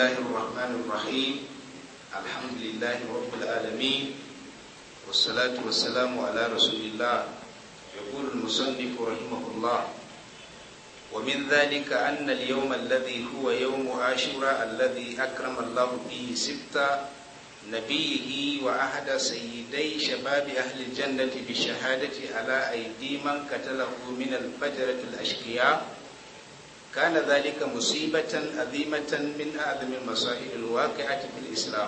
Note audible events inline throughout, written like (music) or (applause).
الله الرحمن الرحيم الحمد لله رب العالمين والصلاة والسلام على رسول الله يقول المصنف رحمه الله ومن ذلك أن اليوم الذي هو يوم عاشوراء الذي أكرم الله به سبت نبيه وأحد سيدي شباب أهل الجنة بالشهادة على أيدي من قتله من الفجرة الأشقياء kana zalika musibatan azimatan min a'zami masail a cikin islam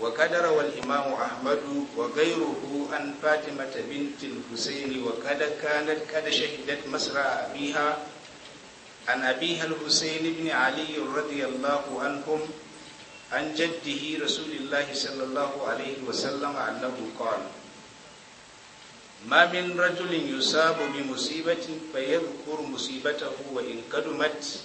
wa qadara wal imam ahmadu wa gairuhu an fatima bint bintin husaini wa qad kanat qad shahidat masra abiha an abiha al ibn ali radiyallahu anhum an jaddihi rasulillahi sallallahu alaihi wa sallam annahu qala ما من رجل يصاب بمصيبة فيذكر مصيبته وإن قدمت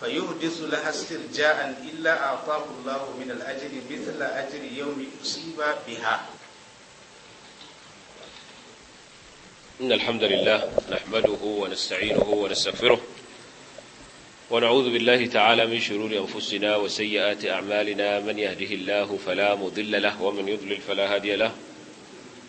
فيحدث لها استرجاء إلا أعطاه الله من الأجر مثل أجر يوم أصيب بها إن الحمد لله نحمده ونستعينه ونستغفره ونعوذ بالله تعالى من شرور أنفسنا وسيئات أعمالنا من يهده الله فلا مضل له ومن يضلل فلا هادي له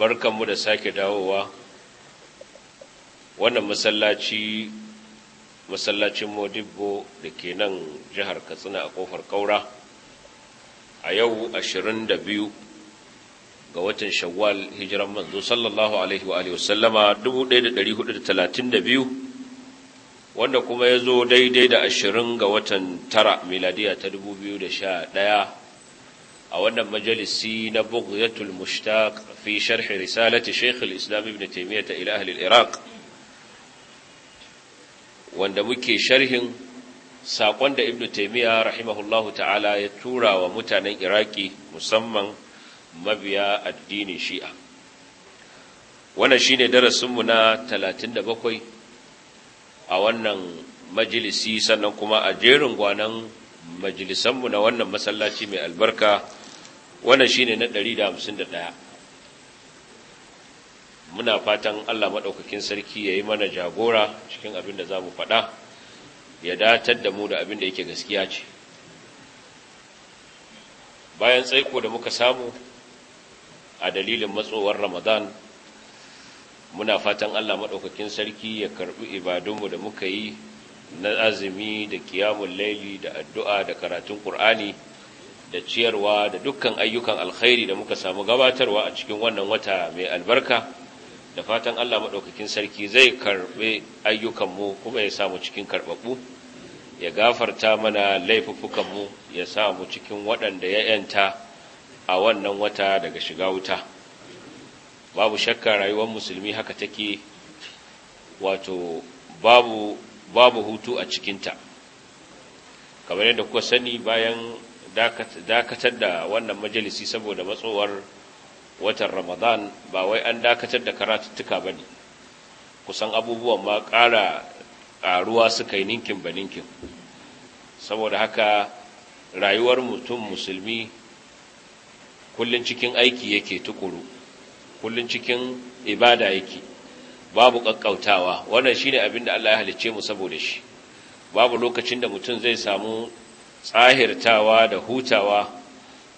barkanmu da sake dawowa wannan masallaci masallacin modibbo da ke nan jihar katsina a kofar kaura a yau 22 ga watan shawwal hijiran manzo sallallahu alaihi wa alihi wasallama 1432 wanda kuma ya zo daidai da 20 ga watan tara miladiya ta 2011 a wannan majalisi na bughyatul mushtaq fi sharh risalati shaykh al-islam ibn taymiyyah ila ahli al-iraq wanda muke sharhin sakon da ibn taymiyyah rahimahullahu ta'ala ya tura wa mutanen iraki musamman mabiya addinin shi'a wannan shine darasinmu na 37 a wannan majalisi sannan kuma a jerin gwanan majalisanmu na wannan masallaci mai albarka wannan shine na 151 muna fatan Allah Maɗaukakin sarki ya yi mana jagora cikin abin da za mu faɗa ya datar da mu da abin da yake gaskiya ce bayan tsaiko da muka samu a dalilin matsowar Ramadan muna fatan Allah maɗaukakin sarki ya karɓi ibadunmu da muka yi na azumi da kiyamun laili da addu'a da karatun ƙur'ani da ciyarwa da dukkan ayyukan alkhairi da muka samu gabatarwa a cikin wannan wata mai albarka da fatan Allah maɗaukakin sarki zai karɓe ayyukanmu kuma ya samu cikin karɓaɓɓu ya gafarta mana laifuffukanmu ya samu cikin waɗanda ya ‘yanta a wannan wata daga shiga wuta babu shakka rayuwar musulmi haka take wato babu babu hutu a cikinta kamar yadda kuka sani bayan dakatar da wannan majalisi saboda matsowar watan ramadan ba wai an dakatar da karatuttuka ba ne kusan abubuwan ma ƙara ƙaruwa suka yi ninkin ba ninkin saboda haka rayuwar mutum musulmi kullum cikin aiki yake tukuru kullum cikin ibada yake babu ƙaƙƙautawa wannan shi ne abin da Allah ya halicce mu saboda shi babu lokacin da mutum zai samu tsahirtawa da hutawa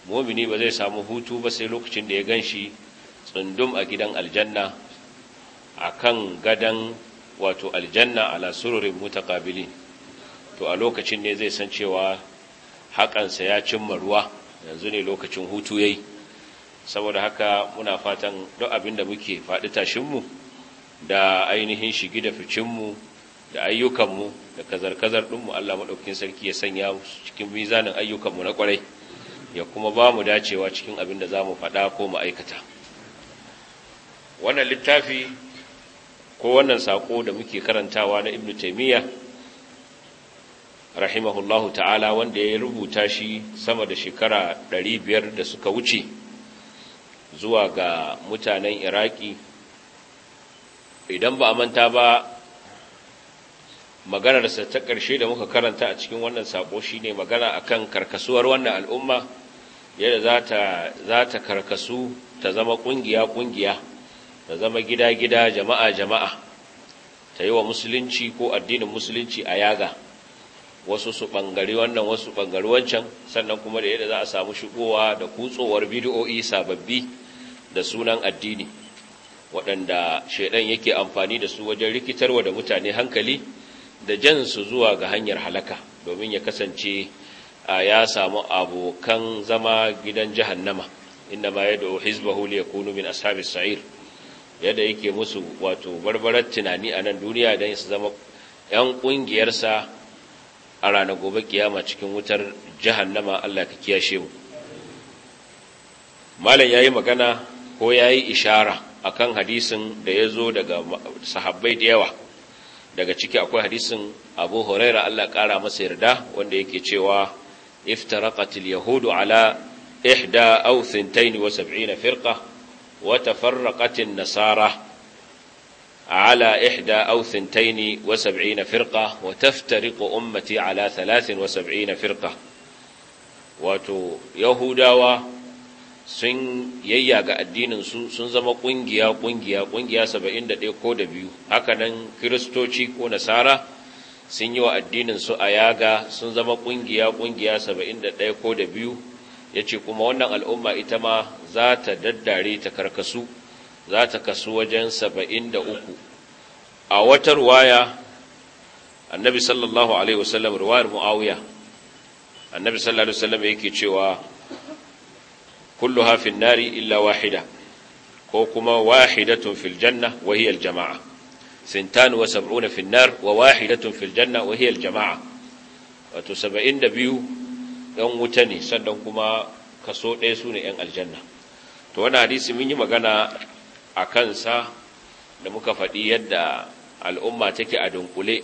mumini ba zai samu hutu ba sai lokacin da ya ganshi tsundum a gidan aljanna a kan gadan wato aljanna ala sururin kabili to a lokacin ne zai san cewa haƙansa ya cimma ruwa yanzu ne lokacin hutu yayi saboda haka muna fatan duk abin da muke faɗi tashinmu da ainihin shigi da ficinmu da ayyukanmu da kazar-kazar ɗinmu Allah maɗaukin sarki ya sanya cikin mizanin ayyukanmu na kwarai ya kuma ba mu dacewa cikin abin da za mu faɗa ko mu aikata wannan littafi ko wannan saƙo da muke karantawa na ibn taimiyya rahimahullahu ta'ala wanda ya rubuta shi sama da shekara 500 da suka wuce zuwa ga mutanen iraki idan ba a manta ba maganarsa ta ƙarshe da muka karanta a cikin wannan saƙo shine magana akan karkasuwar wannan al'umma yadda za ta karkasu ta zama ƙungiya-ƙungiya ta zama gida-gida jama'a-jama'a ta yi wa musulunci ko addinin musulunci a yaga wasu su ɓangare wannan wasu ɓangare wancan sannan kuma da yadda za a samu shigowa da kutsowar bidiyoyi sababbi da sunan addini waɗanda shaidan yake amfani da su wajen rikitarwa da mutane hankali da jansu zuwa ga hanyar halaka domin ya kasance a ya samu abokan zama gidan jahannama inda ma ya da'o hizbahu ya kunu min ashabis sa'ir yadda yake musu wato barbarar tunani a nan duniya don su zama 'yan ƙungiyarsa a rana gobe kiyama cikin wutar jahannama Allah ka kiyashe mu malam yi magana ko ya yi ishara akan hadisin da ya zo daga sahabbai da yawa daga ciki akwai hadisin abu huraira Allah ƙara masa yarda wanda yake cewa iftaraqatil yahudu ala ihda aw thintain wa sab'ina firqa wa tafarraqatin nasara ala ihda aw thintain wa sab'ina firqa wa taftariqu ummati ala thalathin wa sab'ina firqa wato yahudawa sun yayyaga addininsu sun zama ƙungiya ƙungiya ƙungiya saba'in da ɗaya ko da biyu hakanan kiristoci ko nasara sun yi wa addininsu a yaga sun zama ƙungiya ƙungiya saba'in da ɗaya ko da biyu ya ce kuma wannan al'umma ita ma za ta daddare ta karkasu za ta kasu wajen saba'in da uku a wata ruwaya annabi sallallahu alaihi wasallam ruwayar mu'awiya annabi sallallahu alaihi wasallam yake cewa kullu hafin nari illa wahida ko kuma wahidatun fil janna wa jamaa sintan wa sab'una fil wa wahidatun fil janna wa hiya al-jama'a wato 72 dan wuta ne sannan kuma kaso ɗaya su ne ‘yan aljanna to wani hadisi mun yi magana a kansa da muka faɗi yadda al'umma take a dunkule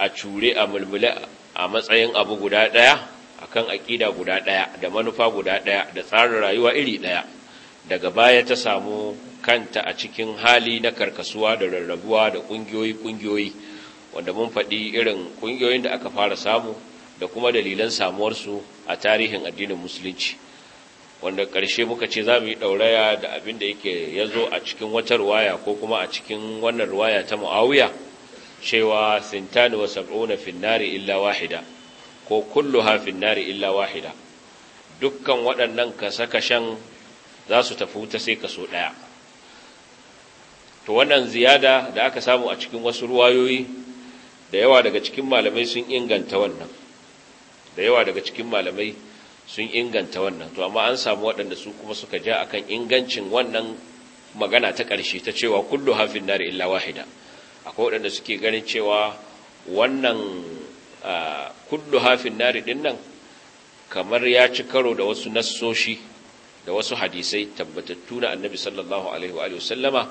a cure a mulmule a matsayin abu guda ɗaya akan aƙida guda ɗaya da manufa guda ɗaya da tsarin rayuwa iri ɗaya daga baya ta samu kanta a cikin hali na karkasuwa da rarrabuwa da ƙungiyoyi-ƙungiyoyi wanda mun faɗi irin ƙungiyoyin da aka fara samu da kuma dalilan samuwarsu a tarihin addinin musulunci wanda ƙarshe muka ce za mu yi ɗauraya da abin da yake ya zo a cikin wata ruwaya ko kuma a cikin wannan ruwaya ta mu'awiya cewa sintani wa sab'una finnari illa wahida ko kullu hafin nari illa wahida dukkan waɗannan kasakashen za su tafi wuta sai kaso ɗaya to wannan ziyada da aka samu a cikin wasu ruwayoyi da yawa daga cikin malamai sun inganta wannan da yawa daga cikin malamai sun inganta wannan to amma an samu waɗanda su kuma suka ja a kan ingancin wannan magana ta ƙarshe ta cewa kullu hafin nari illa wahida akwai waɗanda suke ganin cewa wannan kullu hafin nari din nan kamar ya ci karo da wasu nassoshi da wasu hadisai tabbatattu na annabi sallallahu alaihi wa sallama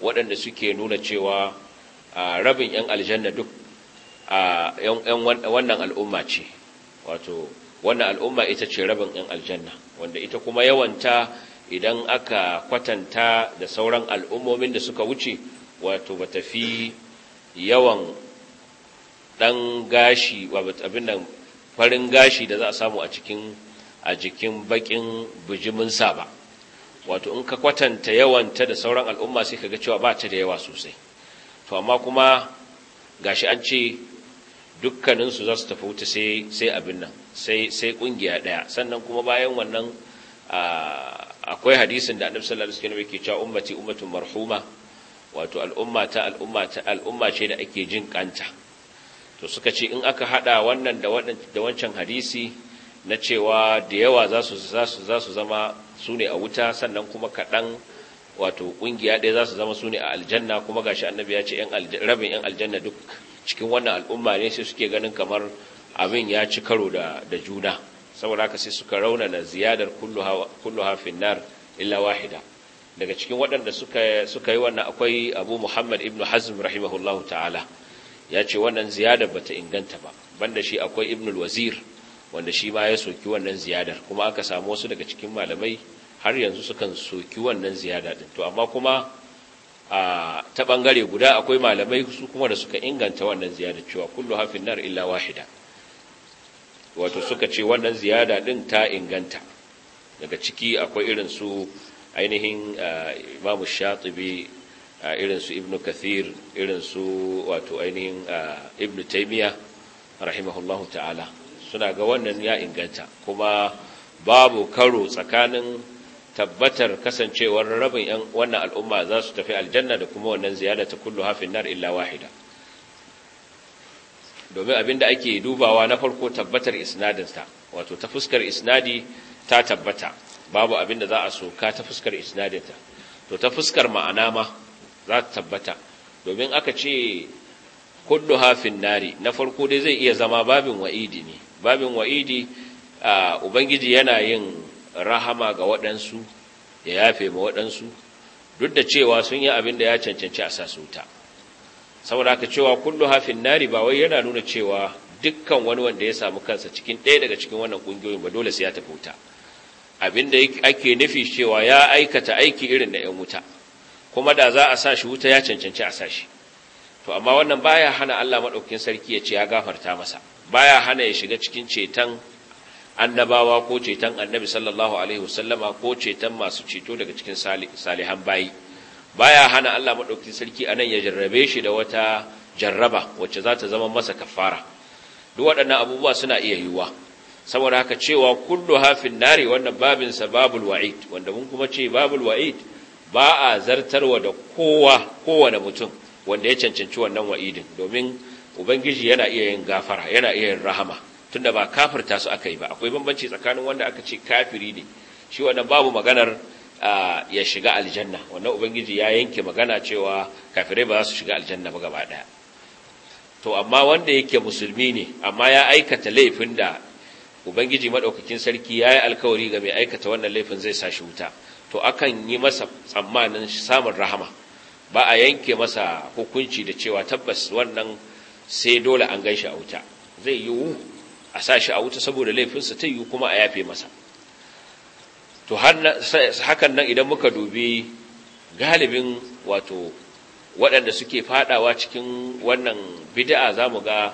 waɗanda suke nuna cewa rabin 'yan aljanna duk ‘yan wannan al'umma ce wato wannan al'umma ita ce rabin 'yan aljanna wanda ita kuma yawanta idan aka kwatanta da sauran al'ummomin da suka wuce wato ba fi yawan ɗan gashi abin nan farin gashi da za a samu a cikin a jikin bakin bijiminsa ba wato in ka kwatanta yawanta da sauran al'umma sai ka ga cewa ba ta da yawa sosai to amma kuma gashi an ce dukkaninsu za su tafi wuta sai abin nan sai kungiya daya sannan kuma bayan wannan akwai hadisin da annabi sallallahu alaihi wasallam yake cewa ummati ummatun marhuma wato al'umma ta al'umma ta al'umma ce da ake jin kanta to suka ce in aka hada wannan da wancan hadisi na cewa da yawa za su zama su ne a wuta sannan kuma kaɗan wato ƙungiya ɗaya za su zama su ne a aljanna kuma gashi annabi ya ce rabin 'yan aljanna duk cikin wannan al'umma ne sai suke ganin kamar abin ya ci karo da juna saboda haka sai suka raunana ziyadar kullu hafin nar illa wahida daga cikin waɗanda suka yi wannan akwai abu muhammad ibn hazm rahimahullahu ta'ala ya ce wannan ziyada bata inganta ba banda shi akwai ibnul wazir wanda shi ma ya soki wannan ziyadar kuma aka samu wasu daga cikin malamai har yanzu sukan soki wannan ziyada din to amma kuma a ta bangare guda akwai malamai su kuma da suka inganta wannan ziyada cewa kullu hafin nar illa wahida wato suka ce wannan ziyada din ta inganta daga ciki akwai irin su ainihin imamu shatibi irin su ibnu kathir irin su wato ainihin ibnu taimiya rahimahullahu ta'ala suna ga wannan ya inganta kuma babu karo tsakanin tabbatar kasancewar rabin yan wannan al'umma za su tafi aljanna da kuma wannan ziyada ta kullu hafin nar illa wahida domin abinda ake dubawa na farko tabbatar isnadinsa wato ta fuskar isnadi ta tabbata babu abinda za a soka ta fuskar isnadinta to ta fuskar ma'ana ma za ta tabbata domin aka ce kullu hafin nari na farko dai zai iya zama babin wa'idi ne babin wa'idi ubangiji yana yin rahama ga waɗansu ya yafe ma waɗansu duk da cewa sun yi abin da ya cancanci a sasuta saboda aka cewa kullu hafin nari ba wai yana nuna cewa dukkan wani wanda ya samu kansa cikin ɗaya daga cikin wannan ƙungiyoyin ba dole sai ya tafi wuta abin da ake nufi cewa ya aikata aiki irin da ‘yan wuta’ kuma da za a sa shi wuta ya cancanci a sa shi to amma wannan baya hana Allah madaukakin sarki ya ce ya gafarta masa baya hana ya shiga cikin ceton annabawa ko ceton annabi sallallahu alaihi wasallama ko ceton masu ceto daga cikin salihan bayi baya hana Allah madaukakin sarki anan ya jarrabe shi da wata jarraba wacce za ta zama masa kafara duk waɗannan abubuwa suna iya yiwuwa saboda haka cewa kullu hafin nari wannan babin sababul wa'id wanda mun kuma ce babul wa'id ba a zartarwa da kowa kowane mutum wanda ya cancanci wannan wa'idin domin ubangiji yana iya yin gafara yana iya yin rahama tunda ba kafirta su aka yi ba akwai bambanci tsakanin wanda aka ce kafiri ne shi wannan babu maganar ya shiga aljanna wannan ubangiji ya yanke magana cewa kafirai ba za su shiga aljanna ba gaba ɗaya to amma wanda yake musulmi ne amma ya aikata laifin da ubangiji madaukakin sarki ya yi alkawari ga mai aikata wannan laifin zai sa shi wuta to akan yi masa tsammanin samun rahama ba a yanke masa hukunci da cewa tabbas wannan sai dole an gan shi a wuta zai yiwu a sa shi a wuta saboda laifinsa ta yiwu kuma a yafe masa to hakan nan idan muka dubi galibin wato waɗanda suke fadawa cikin wannan bid'a za mu ga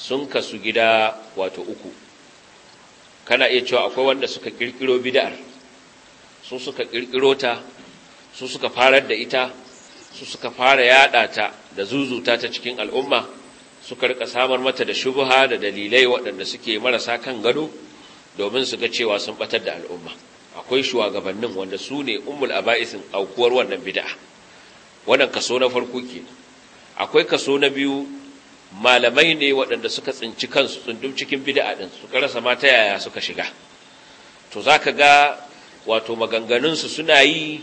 sun kasu gida wato uku kana iya cewa akwai wanda suka kirkiro bid'ar su suka kirkiro ta su suka farar da ita su suka fara yada ta da zuzuta ta cikin al'umma suka rika samar mata da shubha da dalilai waɗanda suke marasa kan gado domin su ga cewa sun batar da al'umma akwai shugabannin wanda su ne umul aba'isin aukuwar wannan bid'a wannan kaso na farko ke. akwai kaso na biyu malamai ne waɗanda suka tsinci kansu tsundum cikin bid'a din suka rasa mata ta yaya suka shiga to zaka ga wato maganganunsu suna yi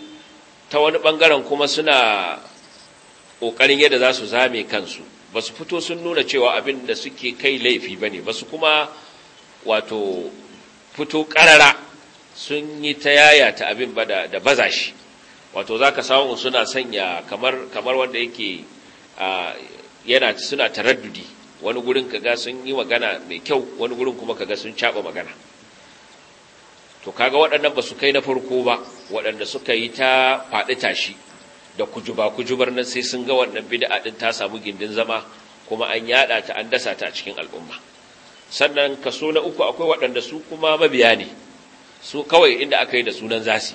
ta wani ɓangaren kuma suna ƙoƙarin yadda za su zame kansu ba su fito sun nuna cewa abin da suke kai laifi ba ne ba su kuma wato fito ƙarara sun yi ta yaya ta abin ba da baza shi wato za ka samu suna sanya kamar wanda yake yana suna taraddudi wani gurin kaga sun yi magana mai kyau wani gurin kuma kaga sun caɓa magana to kaga waɗannan ba su kai na farko ba waɗanda suka yi ta faɗi tashi da kujuba kujubar nan sai sun ga wannan bid'a din ta samu gindin zama kuma an yada ta an dasa ta a cikin al'umma sannan kaso na uku akwai waɗanda su kuma mabiya ne su kawai inda aka yi da sunan zasi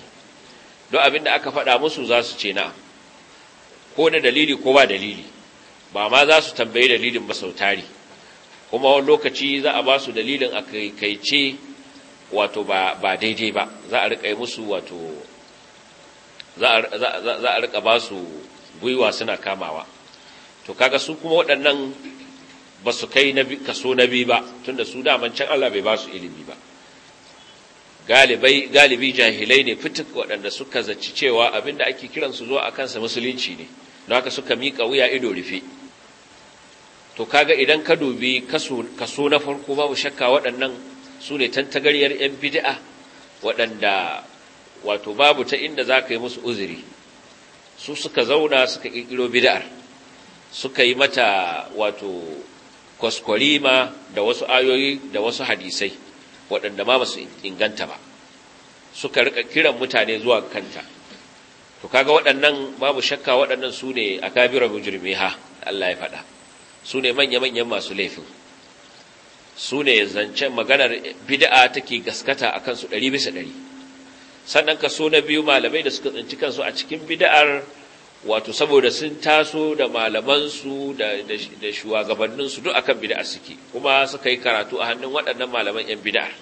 don abin da aka faɗa musu za su ce na ko da dalili ko ba dalili ba ma za su tambayi dalilin ba sautari kuma wani lokaci za a ba su dalilin a kaikaice wato ba daidai ba za a rika yi musu wato za a rika ba su gwiwa suna kamawa to kaga su kuma waɗannan ba su kai kaso na biyu ba tunda su daman can Allah bai ba su ilimi ba galibi jahilai ne fitik waɗanda suka zaci cewa abinda ake su zuwa a kansa musulunci ne na haka suka miƙa wuya ido rufe to kaga idan ka dubi kaso na farko babu shakka waɗannan su ne tantagaryar 'yan bid'a waɗanda wato babu ta inda za ka yi musu uzuri su suka zauna suka ƙirƙiro bid'ar suka yi mata wato kwaskwarima da wasu ayoyi da wasu hadisai waɗanda ma ba su inganta ba suka rika kiran mutane zuwa kanta to kaga waɗannan babu shakka waɗannan su ne a kabirar mujirmi ha Allah ya faɗa su ne manya-manyan masu laifin su ne zancen maganar bid'a take gaskata a kansu ɗari bisa ɗari sannan kaso na biyu malamai da suka tsinci kansu a cikin bid'ar wato saboda sun taso da malamansu da, da, shugabanninsu duk akan bid'a suke kuma suka yi karatu a hannun waɗannan malaman 'yan bida'ar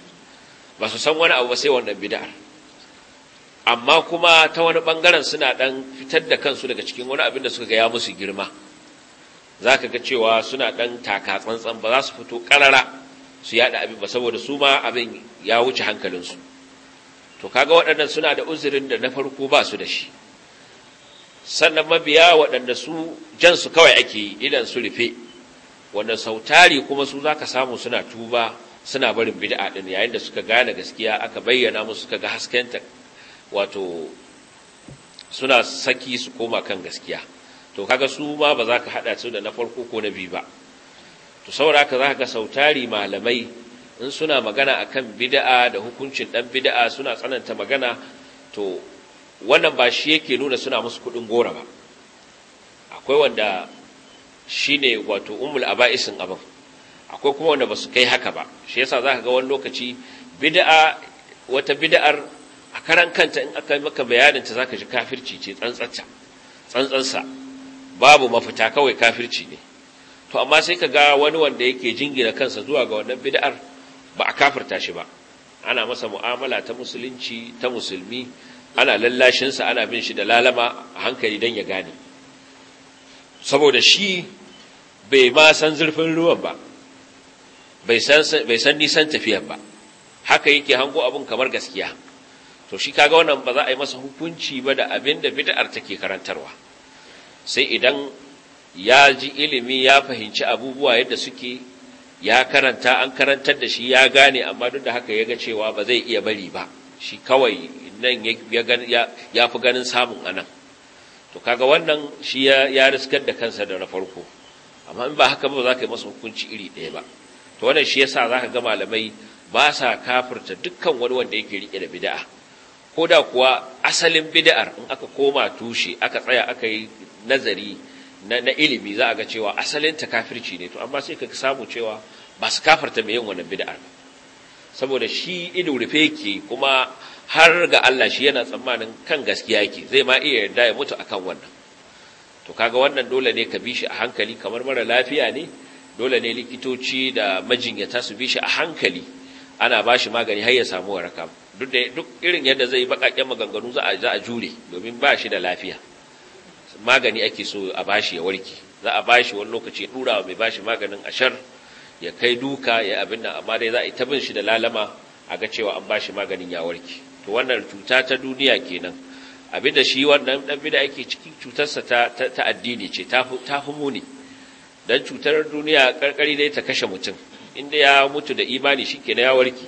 ba su san wani abu ba sai wannan bid'ar amma kuma ta wani ɓangaren suna ɗan fitar da kansu daga cikin wani abin da suka gaya musu girma za ka ga cewa suna ɗan taka tsantsan ba za su fito ƙarara su yada abin ba saboda su ma abin ya wuce hankalinsu to kaga waɗannan suna da uzurin da na farko ba su da shi sannan mabiya waɗanda su jansu kawai ake yi idan su rufe wanda sautari kuma su za ka samu suna tuba suna barin bid'a ɗin yayin da suka gane gaskiya aka bayyana musu suka ga haskenta wato suna saki su koma kan gaskiya to kaga su ma ba za ka haɗa su da na farko ko na biyu ba to saboda haka za ka sautari malamai in suna magana akan bida'a da hukuncin ɗan bid'a suna tsananta magana to wannan ba shi yake nuna suna musu kudin gora ba akwai wanda shine wato ummul aba'isin abin akwai kuma wanda ba su kai haka ba shi yasa za ka ga wani lokaci bid'a wata bid'ar a karan kanta in aka maka bayaninta za ka ji kafirci ce tsantsansa babu mafita kawai kafirci ne to amma sai ka ga wani wanda yake jingina kansa zuwa ga wannan bid'ar ba a kafirta shi ba ana masa mu'amala ta musulunci ta musulmi ana lallashinsa ana bin shi da lalama a hankali don ya gane saboda shi bai ma san zurfin ruwan ba bai san nisan tafiyan ba haka yake hango abin kamar gaskiya to shi kaga wannan ba za a yi masa hukunci ba da abin da bid'ar take karantarwa sai idan ya ji ilimi ya fahimci abubuwa yadda suke ya karanta an karantar da shi ya gane amma duk da haka ya ga cewa ba zai iya bari ba shi kawai nan ya fi ganin samun anan to kaga wannan shi ya riskar da kansa da na farko amma in ba haka ba za ka yi masa hukunci iri ɗaya ba to wannan shi yasa za ka ga malamai ba sa kafirta dukkan wani wanda yake riƙe da bida'a, ko da kuwa asalin bida'ar in aka koma tushe aka tsaya aka yi nazari na ilimi za a ga cewa asalin ta kafirci ne to amma sai ka samu cewa ba su kafarta mai yin wannan bid'ar ba saboda shi ido rufe yake kuma har ga Allah shi yana tsammanin kan gaskiya yake zai ma iya yarda ya mutu akan wannan to kaga wannan dole ne ka bi shi a hankali kamar mara lafiya ne dole ne likitoci da majinyata su bi shi a hankali ana ba shi magani har ya samu waraka duk irin yadda zai yi baƙaƙen maganganu za a jure domin ba shi da lafiya magani ake so a bashi ya warke za a bashi wani lokaci ya dura mai bashi maganin ashar ya kai duka ya abin nan amma dai za a yi tabin shi da lalama a ga cewa an bashi maganin ya warke to wannan cuta ta duniya kenan abinda shi wannan dan bida ake cikin cutarsa ta ta addini ce ta ta ne dan cutar duniya karkari dai ta kashe mutum inda ya mutu da imani shi shikenan ya warke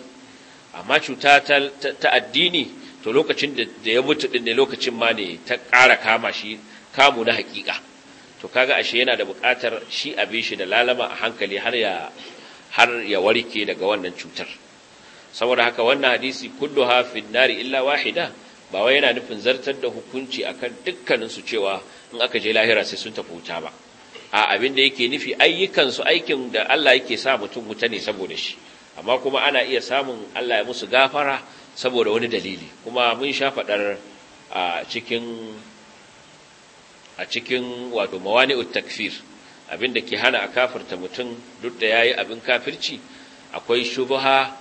amma cuta ta ta addini to lokacin da ya mutu din ne lokacin ma ne ta ƙara kama shi kamu na hakika to kaga ashe yana da buƙatar shi abin shi da lalama a hankali har ya har ya warke daga wannan cutar saboda haka wannan hadisi kulluha fi nari illa wahida ba wai yana nufin zartar da hukunci akan dukkanin su cewa in aka je lahira sai sun tafi wuta ba a abin da yake nufi ayyukan su aikin da Allah yake sa mutum wuta ne saboda shi amma kuma ana iya samun Allah ya musu gafara saboda wani dalili kuma mun sha fadar a cikin a cikin wato mawani takfir abin da ke hana a kafirta mutum duk da ya yi abin kafirci akwai shubuha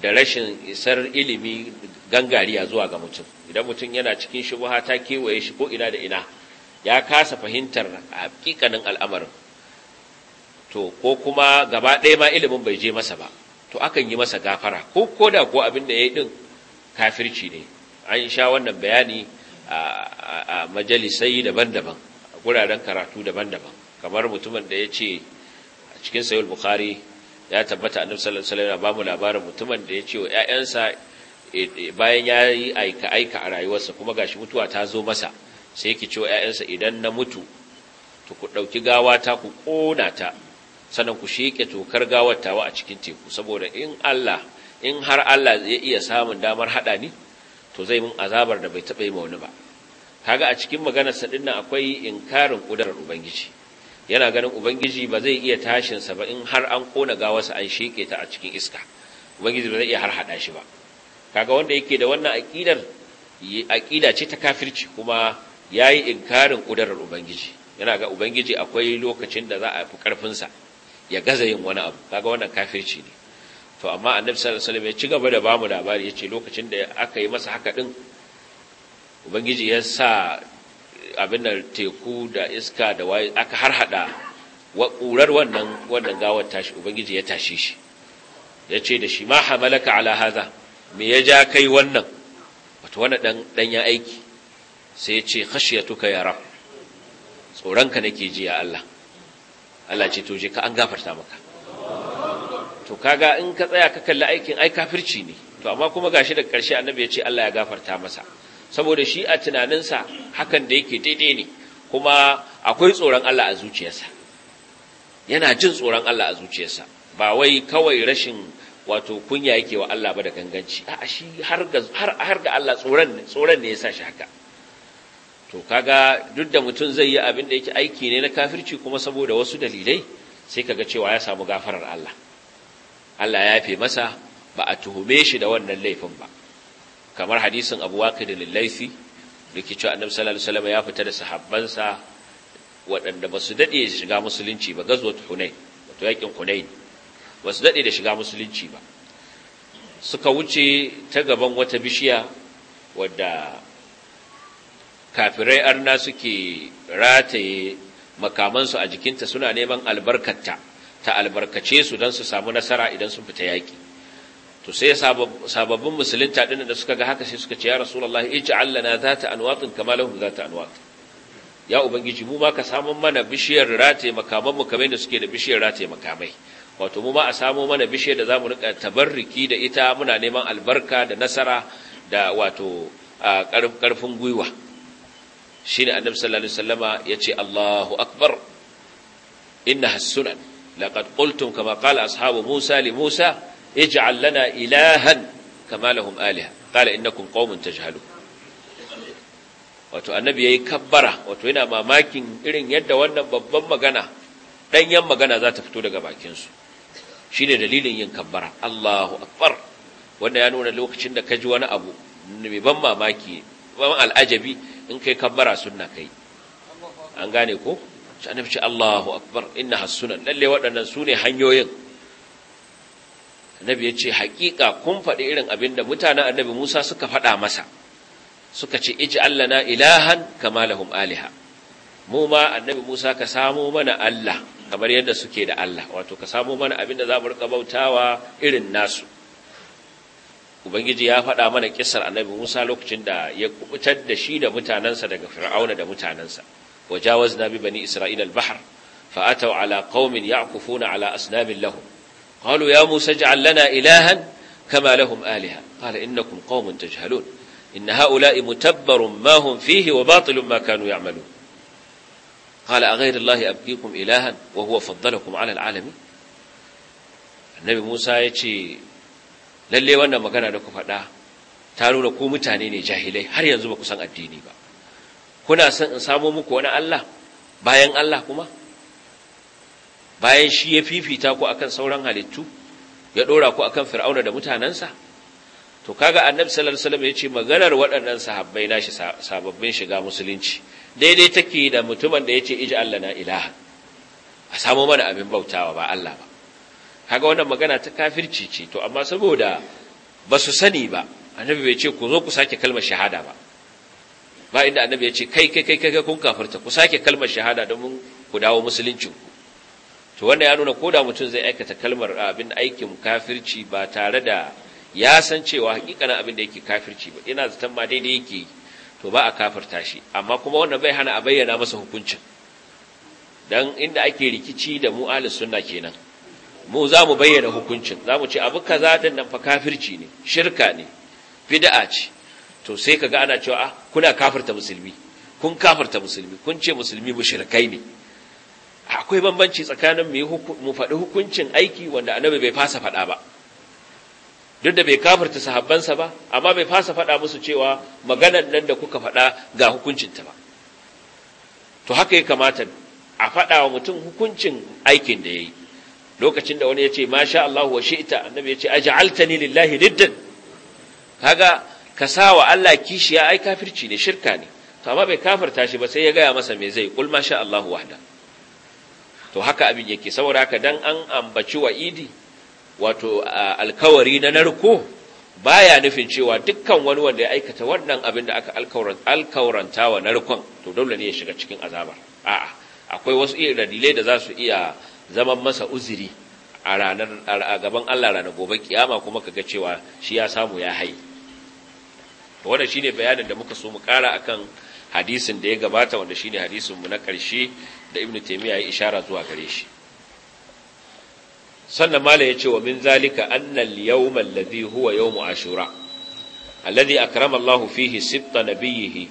da rashin isar ilimi gangariya zuwa ga mutum idan mutum yana cikin shubuha ta kewaye shi ko ina da ina ya kasa fahimtar hakikanin al'amarin to ko kuma gaba ɗaya ma ilimin bai je masa ba to akan yi masa gafara ko koda ko abin da ya yi din kafirci ne an sha wannan bayani a majalisai daban-daban a guraren karatu daban-daban kamar mutumin da ya ce a cikin sayul bukhari ya tabbata a sallallahu alaihi ba mu labarin mutumin da ya ce wa 'ya'yansa e, bayan ya yi aika aika a rayuwarsa kuma gashi mutuwa ta zo masa sai ki ce wa 'ya'yansa idan na mutu to ku ɗauki gawa ta ku ƙona ta sannan ku sheke tokar gawar tawa a cikin teku saboda in Allah in har Allah zai iya samun damar haɗa ni to zai mun azabar da bai taɓa yi ma wani ba kaga a cikin maganar sa dinnan akwai inkarin kudarar ubangiji yana ganin ubangiji ba zai iya tashin sa ba in har an kona gawarsa an sheke ta a cikin iska ubangiji ba zai iya har hada shi ba kaga wanda yake da wannan aqidar aqida ce ta kafirci kuma yayi inkarin kudarar ubangiji yana ga ubangiji akwai lokacin da za a fi karfin sa ya gaza yin wani abu kaga wannan kafirci ne to amma annabi sallallahu alaihi wasallam ya ci gaba da bamu labari yace lokacin da aka yi masa haka din ubangiji ya sa abin da teku da iska da waye aka hada wa ƙurar wannan wannan gawar tashi ubangiji ya tashi shi ya ce da shi ma hamalaka ala haza me ya ja kai wannan wato wani ɗan ya aiki sai ya ce khashiyatuka ya rab tsoronka nake ji ya Allah Allah ce to je ka an gafarta maka to kaga in ka tsaya ka kalli aikin ai kafirci ne to amma kuma gashi daga ƙarshe annabi ya ce Allah ya gafarta masa saboda shi a tunaninsa hakan da yake daidai ne kuma akwai tsoron Allah a zuciyarsa yana jin tsoron Allah a zuciyarsa ba wai kawai rashin wato kunya yake wa Allah ba da ganganci a shi har ga Allah tsoron ne tsoron ne yasa shi haka to kaga duk da mutum zai yi abin da yake aiki ne na kafirci kuma saboda wasu dalilai sai kaga cewa ya samu gafarar Allah Allah ya yafe masa ba a tuhume shi da wannan laifin ba kamar hadisin abu da da laythi dake cewa annabi sallallahu alaihi ya fita da sahabbansa waɗanda ba su daɗe da shiga musulunci ba gazwat hunain wato yakin hunain ba su daɗe da shiga musulunci ba suka wuce ta gaban wata bishiya wadda kafirai arna suke rataye makamansu a jikinta suna neman albarkarta ta albarkace su don su samu nasara idan sun fita yaƙi to sai sababbin musulunta ɗin da suka ga haka sai suka ce ya rasulullahi ij'al za zata anwatin kama lahum zata anwat ya ubangiji mu ma ka samu mana bishiyar rataye makaman kamar da suke da bishiyar rataye makamai wato mu ma a samu mana bishiyar da zamu rika tabarriki da ita muna neman albarka da nasara da wato ƙarfin gwiwa Shin annabi sallallahu alaihi wasallama yace Allahu akbar inna sunan laqad qultum kama qala ashabu Musa li Musa ij'al lana ilahan kama lahum aliha qala innakum qaumun tajhalun wato annabi yayi kabbara wato yana mamakin irin yadda wannan babban magana danyen magana za ta fito daga bakin su shine dalilin yin kabbara Allahu akbar wanda ya nuna lokacin da kaji wani abu mai ban mamaki ban al'ajabi in kai kabbara sunna kai an gane ko annabi ce Allahu akbar innaha sunan lalle waɗannan sune hanyoyin annabi ya ce haƙiƙa kun faɗi irin abin da mutanen annabi musa suka faɗa masa suka ce iji allana ilahan kama lahum aliha mu ma annabi musa ka samo mana allah kamar yadda suke da allah wato ka samo mana abin da za mu rika bautawa irin nasu ubangiji ya faɗa mana kisar annabi musa lokacin da ya kubutar da shi da mutanensa daga fir'auna da mutanensa wajawazna bi bani isra'ila al-bahr fa ala qaumin ya'kufuna ala asnabin lahum قالوا يا موسى اجعل لنا إلها كما لهم آلهة قال إنكم قوم تجهلون إن هؤلاء متبر ما هم فيه وباطل ما كانوا يعملون قال أغير الله أبقيكم إلها وهو فضلكم على العالمين النبي موسى يتي lalle wannan magana da ku faɗa ta nuna ku mutane ne jahilai har yanzu ba ku san addini ba kuna son in samo muku wani Allah bayan Allah kuma bayan shi ya fifita ku akan sauran halittu ya ɗora ku akan fir'auna da mutanansa, to kaga annabi sallallahu alaihi wasallam ya ce maganar waɗannan sahabbai nashi sababbin shiga musulunci daidai take da mutumin da ya ce iji Allah na ilaha a samu mana abin bautawa ba Allah ba kaga wannan magana ta kafirci ce to amma saboda ba su sani ba annabi bai ce ku zo ku sake kalmar shahada ba ba inda annabi ya ce kai kai kai kai kun kafirta ku sake kalmar shahada domin ku dawo musulunci ku to wanda ya nuna koda mutum zai aikata kalmar ah, abin aikin kafirci ba tare da ya san cewa hakikanin abin da yake kafirci ba ina zaton ma daidai yake to ba a kafirta shi amma kuma wannan bai hana a bayyana masa hukuncin dan inda ake rikici da mu ahlus sunna kenan mu za mu bayyana hukuncin za mu ce abu kaza din nan fa kafirci ne shirka ne bid'a ce to sai kaga ana cewa ah kuna kafirta musulmi kun kafirta musulmi kun ce musulmi shirkai ne akwai bambanci tsakanin mu faɗi hukuncin aiki wanda annabi bai fasa faɗa ba duk da bai kafirta sahabbansa ba amma bai fasa faɗa musu cewa maganar nan da kuka faɗa ga hukuncinta ba to haka ya kamata a faɗa wa mutum hukuncin aikin da ya yi lokacin da wani ya ce masha Allah wa shi'ita annabi ya ce aj'altani lillahi niddan kaga ka sa wa Allah kishiya ai kafirci ne shirka ne to amma bai kafirta shi ba sai ya gaya masa me zai kul masha Allah wahda to haka abin yake saboda haka dan an ambaci wa'idi wato alkawari na narko baya nufin cewa dukkan wani wanda ya aikata wannan abin da aka alkawaranta wa narkon to dole ne ya shiga cikin azabar a'a akwai wasu irin dalilai da za su iya zaman masa uzuri a ranar a gaban Allah ranar gobe kiyama kuma kaga cewa shi ya samu ya hai wannan shine bayanin da muka so mu kara akan hadisin da ya gabata wanda shine hadisin mu na ƙarshe da ibnu taymiya ya ishara zuwa gare shi sannan mala yace wa min zalika annal yawm alladhi huwa yawm ashura alladhi akrama Allahu fihi sibta nabiyhi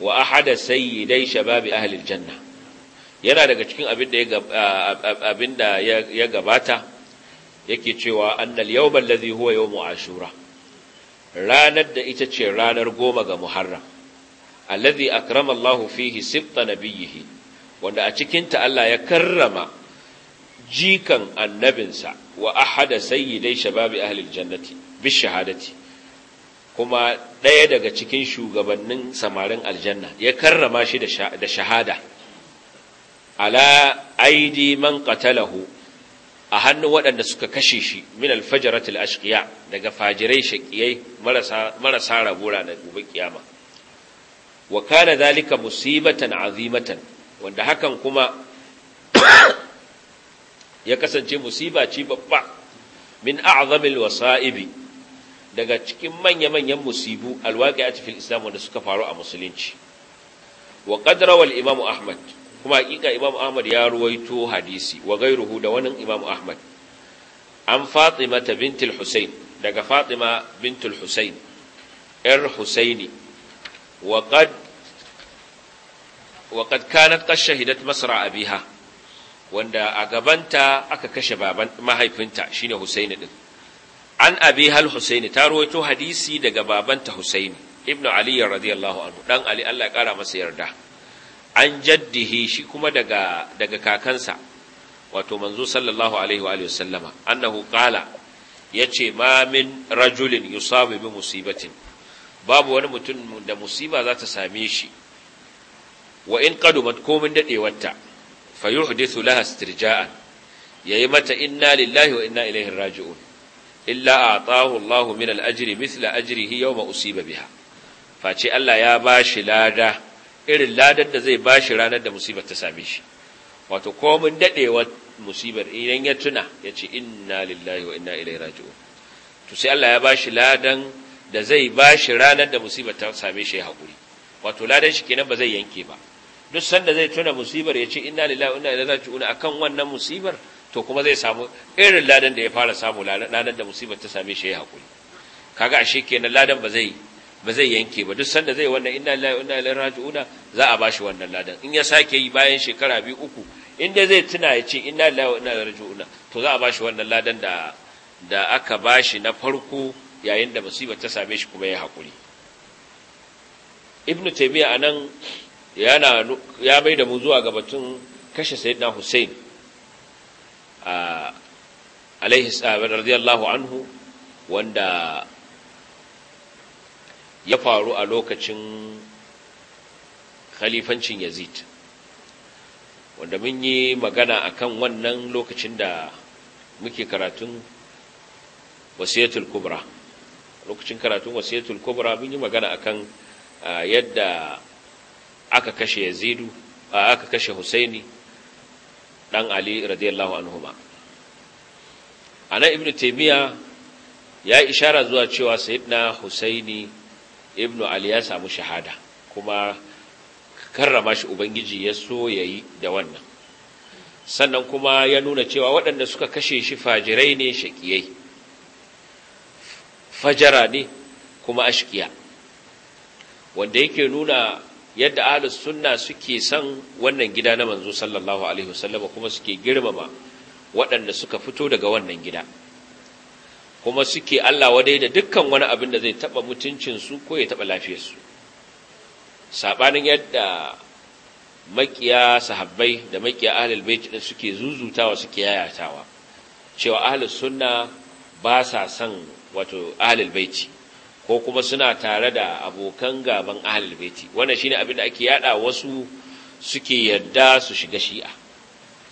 wa ahada sayyidai shababi ahli janna yana daga cikin abin da ya abin da ya gabata yake cewa annal yawm alladhi huwa yawm ashura ranar da ita ce ranar goma ga muharram alladhi akrama Allahu fihi sibta nabiyhi wanda a cikinta Allah ya karrama jikan annabinsa wa ahada sayyidai shababi ahlil jannati bi shahadati kuma ɗaya daga cikin shugabannin samarin aljanna ya karrama shi da shahada ala aidi man qatalahu a hannun waɗanda suka kashe shi min alfajaratul ashqiya daga fajirai shaqiyai marasa marasa rabura da gobe kiyama wa kana zalika musibatan azimatan wanda hakan kuma (coughs) ya kasance musiba ci babba min a'zamil wasa'ibi daga cikin manya-manyan musibu alwaqi'ati fil islam wanda suka faru a musulunci wa qadra wal imam ahmad kuma hakika imam ahmad ya ruwaito hadisi wa gairuhu da wani imam ahmad an fatima ta bintul husain daga fatima bintul husain yar husaini wa qad wa qad kanat qad shahidat masra biha, wanda a gabanta aka kashe baban mahaifinta shine Husaini din an abi hal husaini ta rawaito hadisi daga babanta Husaini ibnu Ali radiyallahu anhu dan Ali Allah ya kara masa yarda an jaddihi shi kuma daga daga kakansa wato manzo sallallahu alaihi wa alihi wasallama annahu qala yace ma min rajulin yusabu bi musibatin babu wani mutum da musiba za ta same shi wa in qadumat komin dadewarta fa yuhdithu laha ya yi mata inna lillahi wa inna ilaihi raji'un illa a'tahu Allahu min al-ajri mithla ajrihi yawma usiba biha face Allah ya bashi lada irin ladar da zai bashi ranar da musibar ta same shi wato komin dadewar musibar idan ya tuna ya ce inna lillahi wa inna ilaihi raji'un to sai Allah ya bashi ladan da zai bashi ranar da musibar ta same shi ya haƙuri, wato ladan shi kenan ba zai yanke ba duk sanda zai tuna musibar ya ce inna lillahi wa inna ilaihi raji'un akan wannan musibar to kuma zai samu irin ladan da ya fara samu ladan da musibar ta same shi ya hakuri kaga ashe kenan ladan ba zai ba zai yanke ba duk sanda zai wannan inna lillahi wa inna ilaihi raji'un za a bashi wannan ladan in ya sake yi bayan shekara biyu uku in dai zai tuna ya ce inna lillahi wa inna ilaihi raji'un to za a bashi wannan ladan da da aka bashi na farko yayin da musibar ta same shi kuma ya hakuri ibnu taymiya anan yana ya mai da mu zuwa ga batun kashe sayyidina Hussein a alaihi sallam radiyallahu anhu wanda ya faru a lokacin khalifancin Yazid wanda mun yi magana akan wannan lokacin da muke karatun wasiyatul kubra lokacin karatun wasiyatul kubra mun yi magana akan yadda aka kashe yazidu aka kashe husaini dan ali radiyallahu anhuma ana ibnu taymiya ya ishara zuwa cewa sayyidina husaini ibnu ali ya samu shahada kuma karrama shi ubangiji ya so yayi da wannan sannan kuma ya nuna cewa waɗanda suka kashe shi fajirai ne shakiyai fajara ne kuma ashkiya wanda yake nuna yadda ahlus sunna suke son wannan gida na manzo sallallahu alaihi wasallam kuma suke girmama waɗanda suka fito daga wannan gida kuma suke Allah wadai da dukkan wani abin da zai taɓa mutuncinsu ko ya taɓa lafiyarsu saɓanin yadda makiya sahabbai da makiya ahlul bait din suke zuzutawa suke yayatawa cewa ahlus sunna ba sa son wato ahlul baiti ko kuma suna tare da abokan gaban ahal baiti wannan shine abin da ake yada wasu suke yadda su shiga shi'a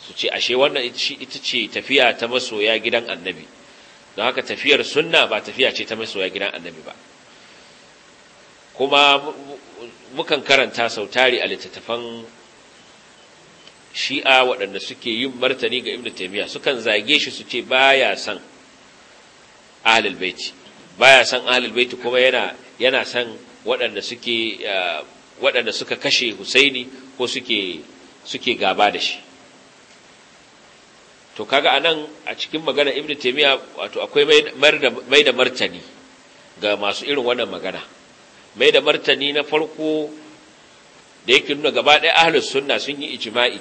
su ce ashe wannan ita ce tafiya ta masoya gidan annabi don haka tafiyar sunna ba tafiya ce ta masoya gidan annabi ba kuma mukan karanta sautari a littattafan shi'a waɗanda suke yin martani ga Ibn taymiya sukan zage shi su ce baya son ahlul baiti baya san ahlul baiti kuma yana yana san waɗanda suke waɗanda suka kashe Husaini ko suke suke gaba da shi to kaga anan a cikin magana Ibn Taymiyyah wato akwai mai da martani ga masu irin wannan magana mai da martani na farko da yake nuna gaba ɗaya ahlus sunna sun yi ijma'i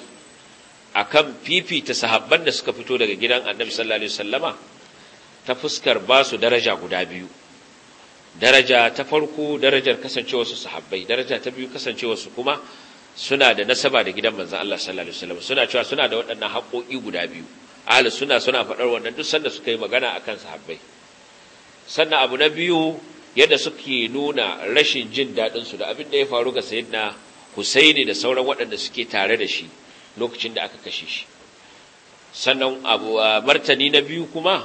akan fifita sahabban da suka fito daga gidan Annabi sallallahu alaihi wasallama ta fuskar ba su daraja guda biyu daraja ta farko darajar kasancewa su sahabbai daraja ta biyu kasancewa su kuma suna da nasaba da gidan manzon Allah sallallahu alaihi wasallam suna cewa suna da waɗannan haƙoƙi guda biyu ahli suna suna faɗar wannan duk sanda suka yi magana akan sahabbai sannan abu na biyu yadda suke nuna rashin jin daɗin su da abin da ya faru ga sayyidina Husaini da sauran waɗanda suke tare da shi lokacin da aka kashe shi sannan abu martani na biyu kuma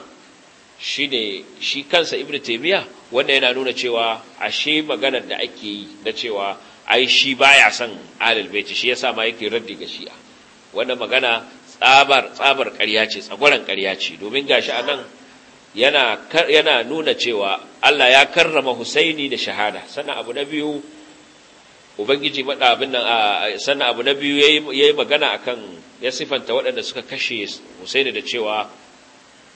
shi ne shi kansa ibn taimiya wanda yana nuna cewa ashe maganar da ake yi na cewa ai shi baya son alal shi shi sa ma yake raddi ga shi'a wannan magana tsabar tsabar ƙarya ce tsagwaran karya ce domin ga shi a nan yana nuna cewa Allah ya karrama Husaini da shahada sannan abu na biyu ubangiji mada abin nan sannan abu na biyu ya yi magana a kan ya sifanta waɗanda suka kashe Husaini da cewa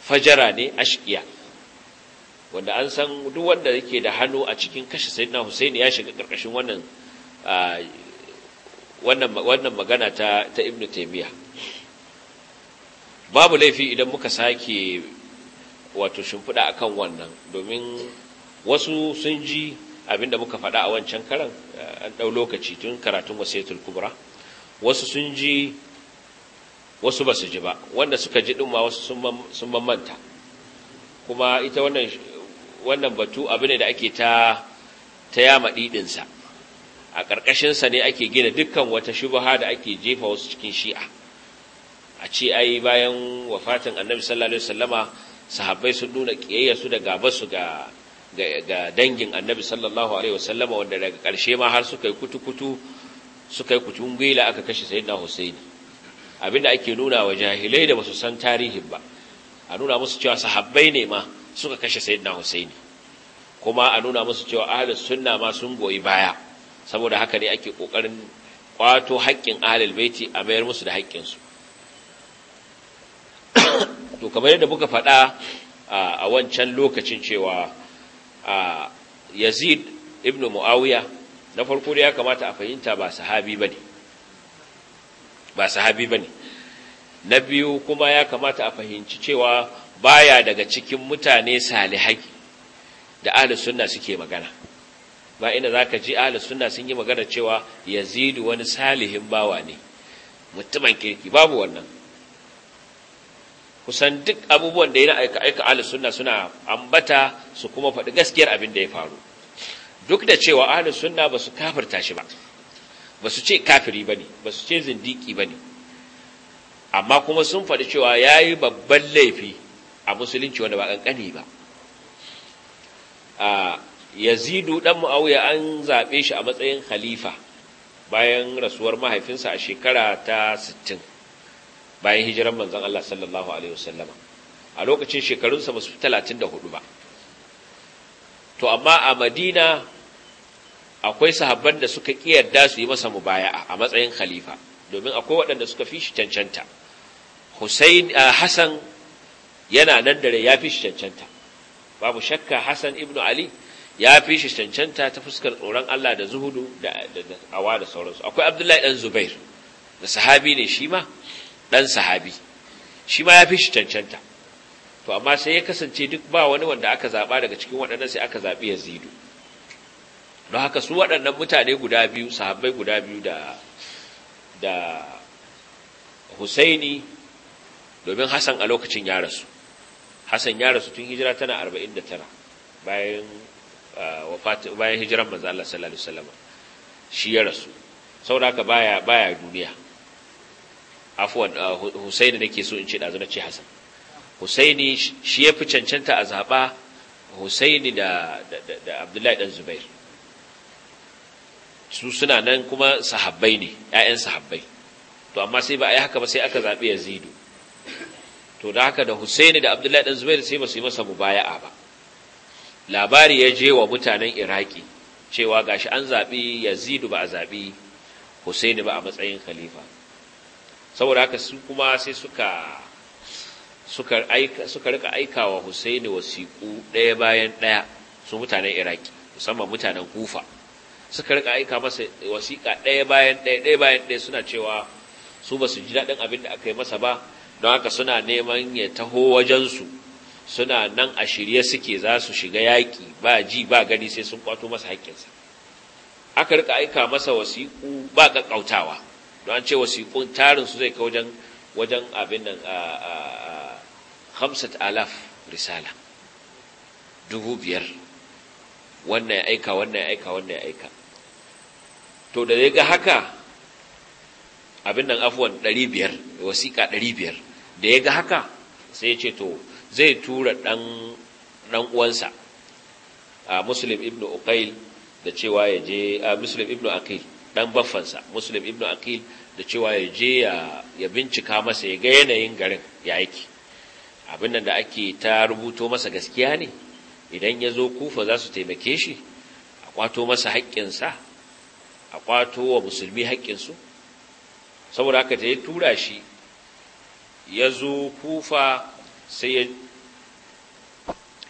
fajara ne ashkiya wanda an san duk wanda yake da hannu a cikin kashe sayyidina husaini ya shiga karkashin wannan wannan wannan magana ta ta ibnu taymiya babu laifi idan muka sake wato shimfiɗa akan wannan domin wasu sun ji abinda muka faɗa a wancan karan eh, an ɗau lokaci tun karatun wasaitul kubra wasu sun ji wasu ba su ji ba wanda suka ji ɗin ma wasu sun mamanta kuma ita wannan wannan batu abu ne da ake ta ta yama ɗiɗinsa a ƙarƙashinsa ne ake gina dukkan wata shubaha da ake jefa wasu cikin shi'a a ce ai bayan wafatin annabi sallallahu alaihi wasallama sahabbai sun nuna su da su ga ga dangin annabi sallallahu alaihi wasallama wanda daga ƙarshe ma har suka yi kutu suka yi kutun aka kashe sayyidina husaini abinda ake nuna wa jahilai da basu san tarihin ba a nuna musu cewa sahabbai ne ma suka kashe sayyidina husaini kuma a nuna musu cewa ahlus sunna ma sun goyi baya saboda haka ne ake kokarin kwato haƙƙin ahlul baiti a mayar musu da haƙƙin su (coughs) to kamar yadda muka faɗa a wancan lokacin cewa Yazid ibn Muawiya na farko da ya kamata a fahimta ba sahabi bane ba sahabi bane na biyu kuma ya kamata a fahimci cewa baya daga cikin mutane salihai da ahlus sunna suke magana ba ina zaka ji ahlus sunna sun yi magana cewa yazidu wani salihin bawa ne mutumin kirki babu wannan kusan duk abubuwan da yana aika aika ahlus sunna suna ambata su kuma faɗi gaskiyar abin da ya faru duk da cewa ahlus sunna ba su kafirta shi ba ba su ce kafiri ba ne ba su ce zindiki ba ne amma kuma sun faɗi cewa ya yi babban laifi a musulunci wanda ba ƙanƙani ba yazidu ɗan ma'auya an zaɓe shi a matsayin khalifa bayan rasuwar mahaifinsa a shekara ta 60 bayan hijiran manzan Allah sallallahu alaihi wasallama a lokacin shekarunsa talatin da 34 ba to amma a Madina akwai sahabban da suka kiyarda su yi masa mubaya'a a matsayin khalifa domin akwai waɗanda suka fi shi cancanta Hussein ah, Hassan yana nan dare ya fi shi cancanta babu shakka Hassan ibn Ali ya fi shi cancanta ta fuskar tsoron Allah da zuhudu da awa da sauransu akwai Abdullahi dan Zubair da sahabi ne shi ma dan sahabi shi ma ya fi shi cancanta to amma sai ya kasance duk ba wani wanda aka zaba daga cikin waɗannan sai aka zabi Yazidu don haka su waɗannan mutane guda biyu sahabbai guda biyu da da Husaini domin Hassan a lokacin ya rasu Hassan ya rasu tun hijira tana 49 bayan wafat bayan hijiran manzo Allah sallallahu alaihi wasallam shi ya rasu saboda haka baya baya duniya afwan Husaini nake so in ce da na ce Hassan Husaini shi ya fi cancanta a zaba Husaini da da Abdullahi dan Zubair su suna nan kuma sahabbai ne ‘ya'yan sahabbai to amma sai ba a yi haka ba sai aka zaɓi yazidu to da haka da husaini da abdullahi dan zubair sai ba su yi masa mubaya'a ba labari ya je wa mutanen iraki cewa gashi an zaɓi yazidu ba a zaɓi husaini ba a matsayin khalifa saboda haka su kuma sai suka suka aika suka rika aikawa Husaini wasiƙu ɗaya bayan ɗaya su mutanen Iraki musamman mutanen Kufa suka rika aika masa wasiƙa ɗaya bayan ɗaya ɗaya bayan ɗaya suna cewa su ba su ji daɗin abin da aka yi masa ba don haka suna neman ya taho wajensu suna nan a shirye suke za su shiga yaƙi ba ji ba gani sai sun kwato masa haƙƙinsa aka rika aika masa wasiƙu ba ƙaƙƙautawa don an ce wasiƙun tarin su zai kai wajen wajen abin nan a hamsat alaf risala dubu biyar wannan ya aika wannan ya aika wannan ya aika to da ya ga haka abin nan afuwan 500 wasiƙa 500 da ya ga haka sai ya ce to zai tura ɗan uwansa a muslim ibn uqail da cewa ya je a muslim ibn aqil ɗan baffansa muslim ibn aqil da cewa ya je ya bincika masa ya ga yanayin garin ya yake abin nan da ake ta rubuto masa gaskiya ne idan ya zo kufa za su taimake shi a kwato masa haƙƙinsa a kwato wa musulmi haƙƙinsu saboda haka ta yi tura shi ya zo kufa sai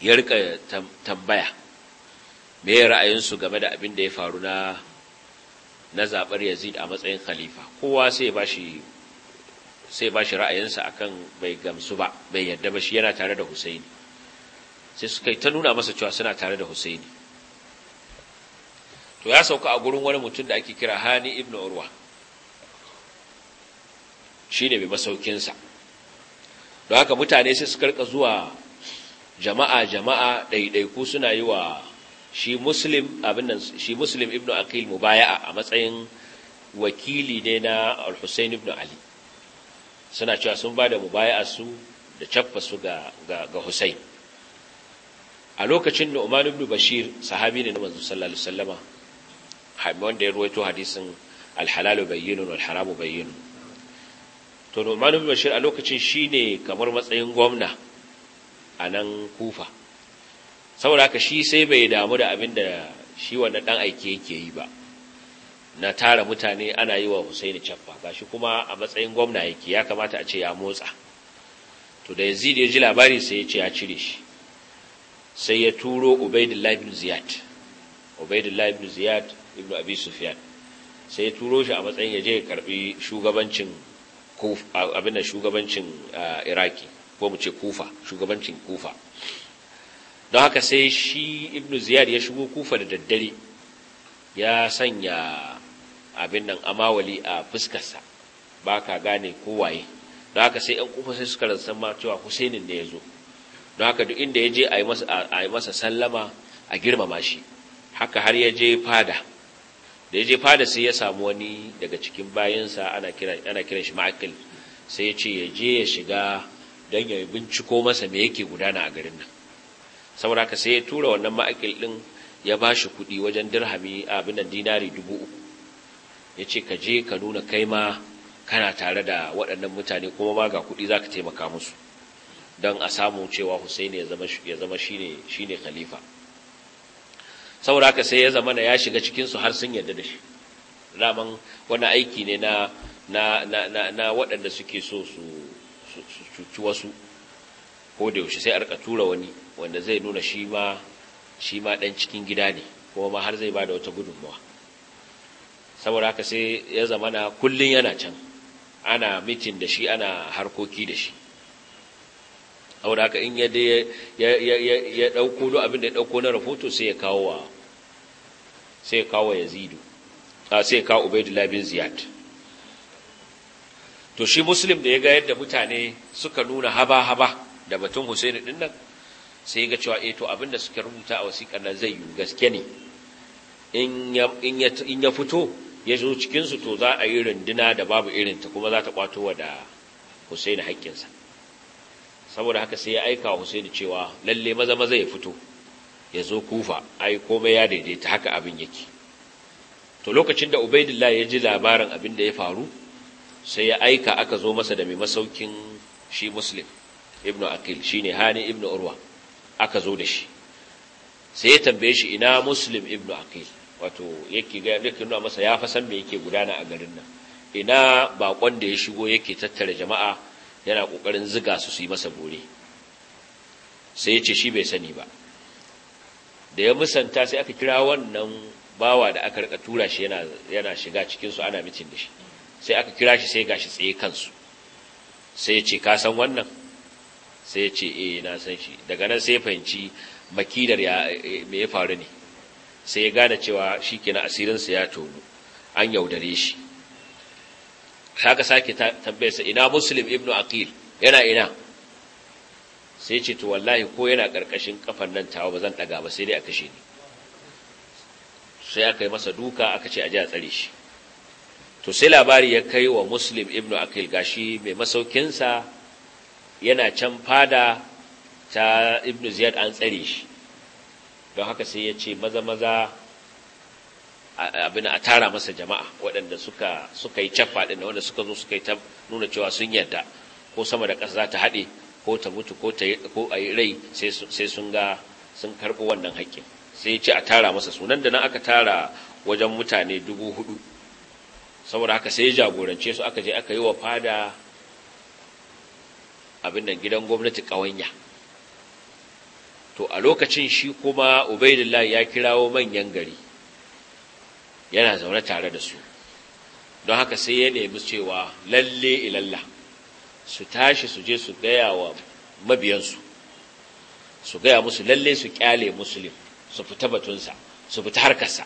ya rika tambaya me ra'ayinsu game da abin da ya faru na na zaɓar yazid a matsayin khalifa kowa sai ba shi sai ba shi ra'ayinsa akan bai gamsu ba bai yadda ba shi yana tare da husaini sai suka yi ta nuna masa cewa suna tare da husaini to ya sauka a gurin wani mutum da ake kira hani ibn urwa shi ne mai masaukinsa don haka mutane sai su karka zuwa jama'a jama'a ɗaiɗaiku suna yi wa shi muslim abin nan shi muslim ibn aqil mubaya'a a matsayin wakili ne na al-husayn ibn ali suna cewa sun ba da mubaya'a su da caffa su ga ga, a lokacin da Umar ibn Bashir sahabi ne na manzo sallallahu alaihi wasallama wanda ya ruwaito hadisin alhalalu bayyinun wal haramu bayyinun to Nu'man ibn Bashir a lokacin shine kamar matsayin gwamna a nan Kufa saboda haka shi sai bai damu da abin da shi wannan dan aiki yake yi ba na tara mutane ana yi wa Husaini chaffa gashi kuma a matsayin gwamna yake ya kamata a ce ya motsa to da Yazid ya ji labari sai ya ce ya cire shi sai ya turo Ubaidillah ibn Ziyad Ziyad ibnu abi sufyan sai ya turo shi a matsayin ya je ya karbi shugabancin abin da shugabancin iraki ko mu ce kufa shugabancin kufa don haka sai shi ibnu ziyar ya shigo kufa da daddare ya sanya abin nan amawali a fuskarsa ba ka gane kowaye don haka sai yan kufa sai suka rasa ma cewa husainin ne ya zo don haka duk inda ya je a yi masa sallama a girmama shi haka har ya je fada da ya je fada sai ya samu wani daga cikin bayansa ana kiran ana shi ma'akil sai ya ce ya je ya shiga dan ya binciko masa me yake gudana a garin nan saboda ka sai ya tura wannan ma'akil din ya ba shi kuɗi wajen dirhami abin nan dinari dubu uku ya ce ka je ka nuna kai ma kana tare da waɗannan mutane kuma ma ga kuɗi za ka taimaka musu don a samu cewa Hussein ya zama shine shine khalifa saboda sai ya zama ya shiga cikin su har sun yarda da shi daman wani aiki ne na na na na, na waɗanda suke so su cuci wasu ko da yaushe sai arka tura wani wanda zai nuna shi ma shi ma dan cikin gida ne kuma ma har zai ba wata gudunmawa saboda haka sai ya zama na kullun yana can ana mitin da shi ana harkoki da shi saboda haka in ya ya ya dauko duk da ya dauko na rahoto sai ya kawo wa sai kawo yazidu sai kawo ubaidullah bin ziyad to shi muslim da ya ga yadda mutane suka nuna haba-haba da batun husaini din nan sai ga cewa eh to abinda suke rubuta a wasiƙar nan zai yi gaske ne in ya fito ya zo cikinsu to za a yi runduna da babu irin ta kuma za ta kwato wa da husaini haƙƙinsa saboda haka sai ya aika wa husaini cewa lalle maza maza ya fito ya zo kufa ai komai ya daidaita haka abin yake to lokacin da ubaidillah ya ji labarin abin da ya faru sai ya aika aka zo masa da mai masaukin shi muslim ibnu akil shine hani ibnu urwa aka zo da shi sai ya tambaye shi ina muslim ibnu akil wato yake ga yake nuna masa ya fa san me yake gudana a garin nan ina bakon da ya shigo yake tattara jama'a yana kokarin ziga su su yi masa bore sai ya ce shi bai sani ba da ya musanta sai aka kira wannan bawa da aka rika tura shi yana yana shiga cikin su ana mitin da shi sai aka kira shi sai gashi tsaye kansu sai ya ce ka san wannan sai ya ce eh na san shi daga nan sai ya fahimci makidar ya me ya faru ne sai ya gane cewa shikenan asirin sa ya tonu an yaudare shi haka sake tambayarsa ina muslim ibnu aqil yana ina sai ce to wallahi ko yana karkashin kafan nan tawa ba zan daga ba sai dai a kashe ni sai aka yi masa duka aka ce a ji a tsare shi to sai labari ya kai wa muslim ibnu akil gashi mai masaukinsa yana can fada ta ibnu ziyad an tsare shi don haka sai ya ce maza maza abin a tara masa jama'a waɗanda suka suka yi caffa ɗin wanda suka zo suka yi ta nuna cewa sun yarda ko sama da ƙasa za ta haɗe ko ta mutu ko ta a yi rai sai sun ga sun karɓo wannan haƙƙin sai ya ce a tara masa sunan da nan aka tara wajen mutane dubu hudu saboda haka sai ya jagorance su aka je aka yi wa fada abin nan gidan gwamnati ƙawanya to a lokacin shi kuma ubaidillah ya kirawo manyan gari yana zaune tare da su don haka sai ya nemi cewa lalle ilalla su tashi su je su gaya wa mabiyansu su gaya musu lalle su kyale musulun su fita batunsa su fita harkarsa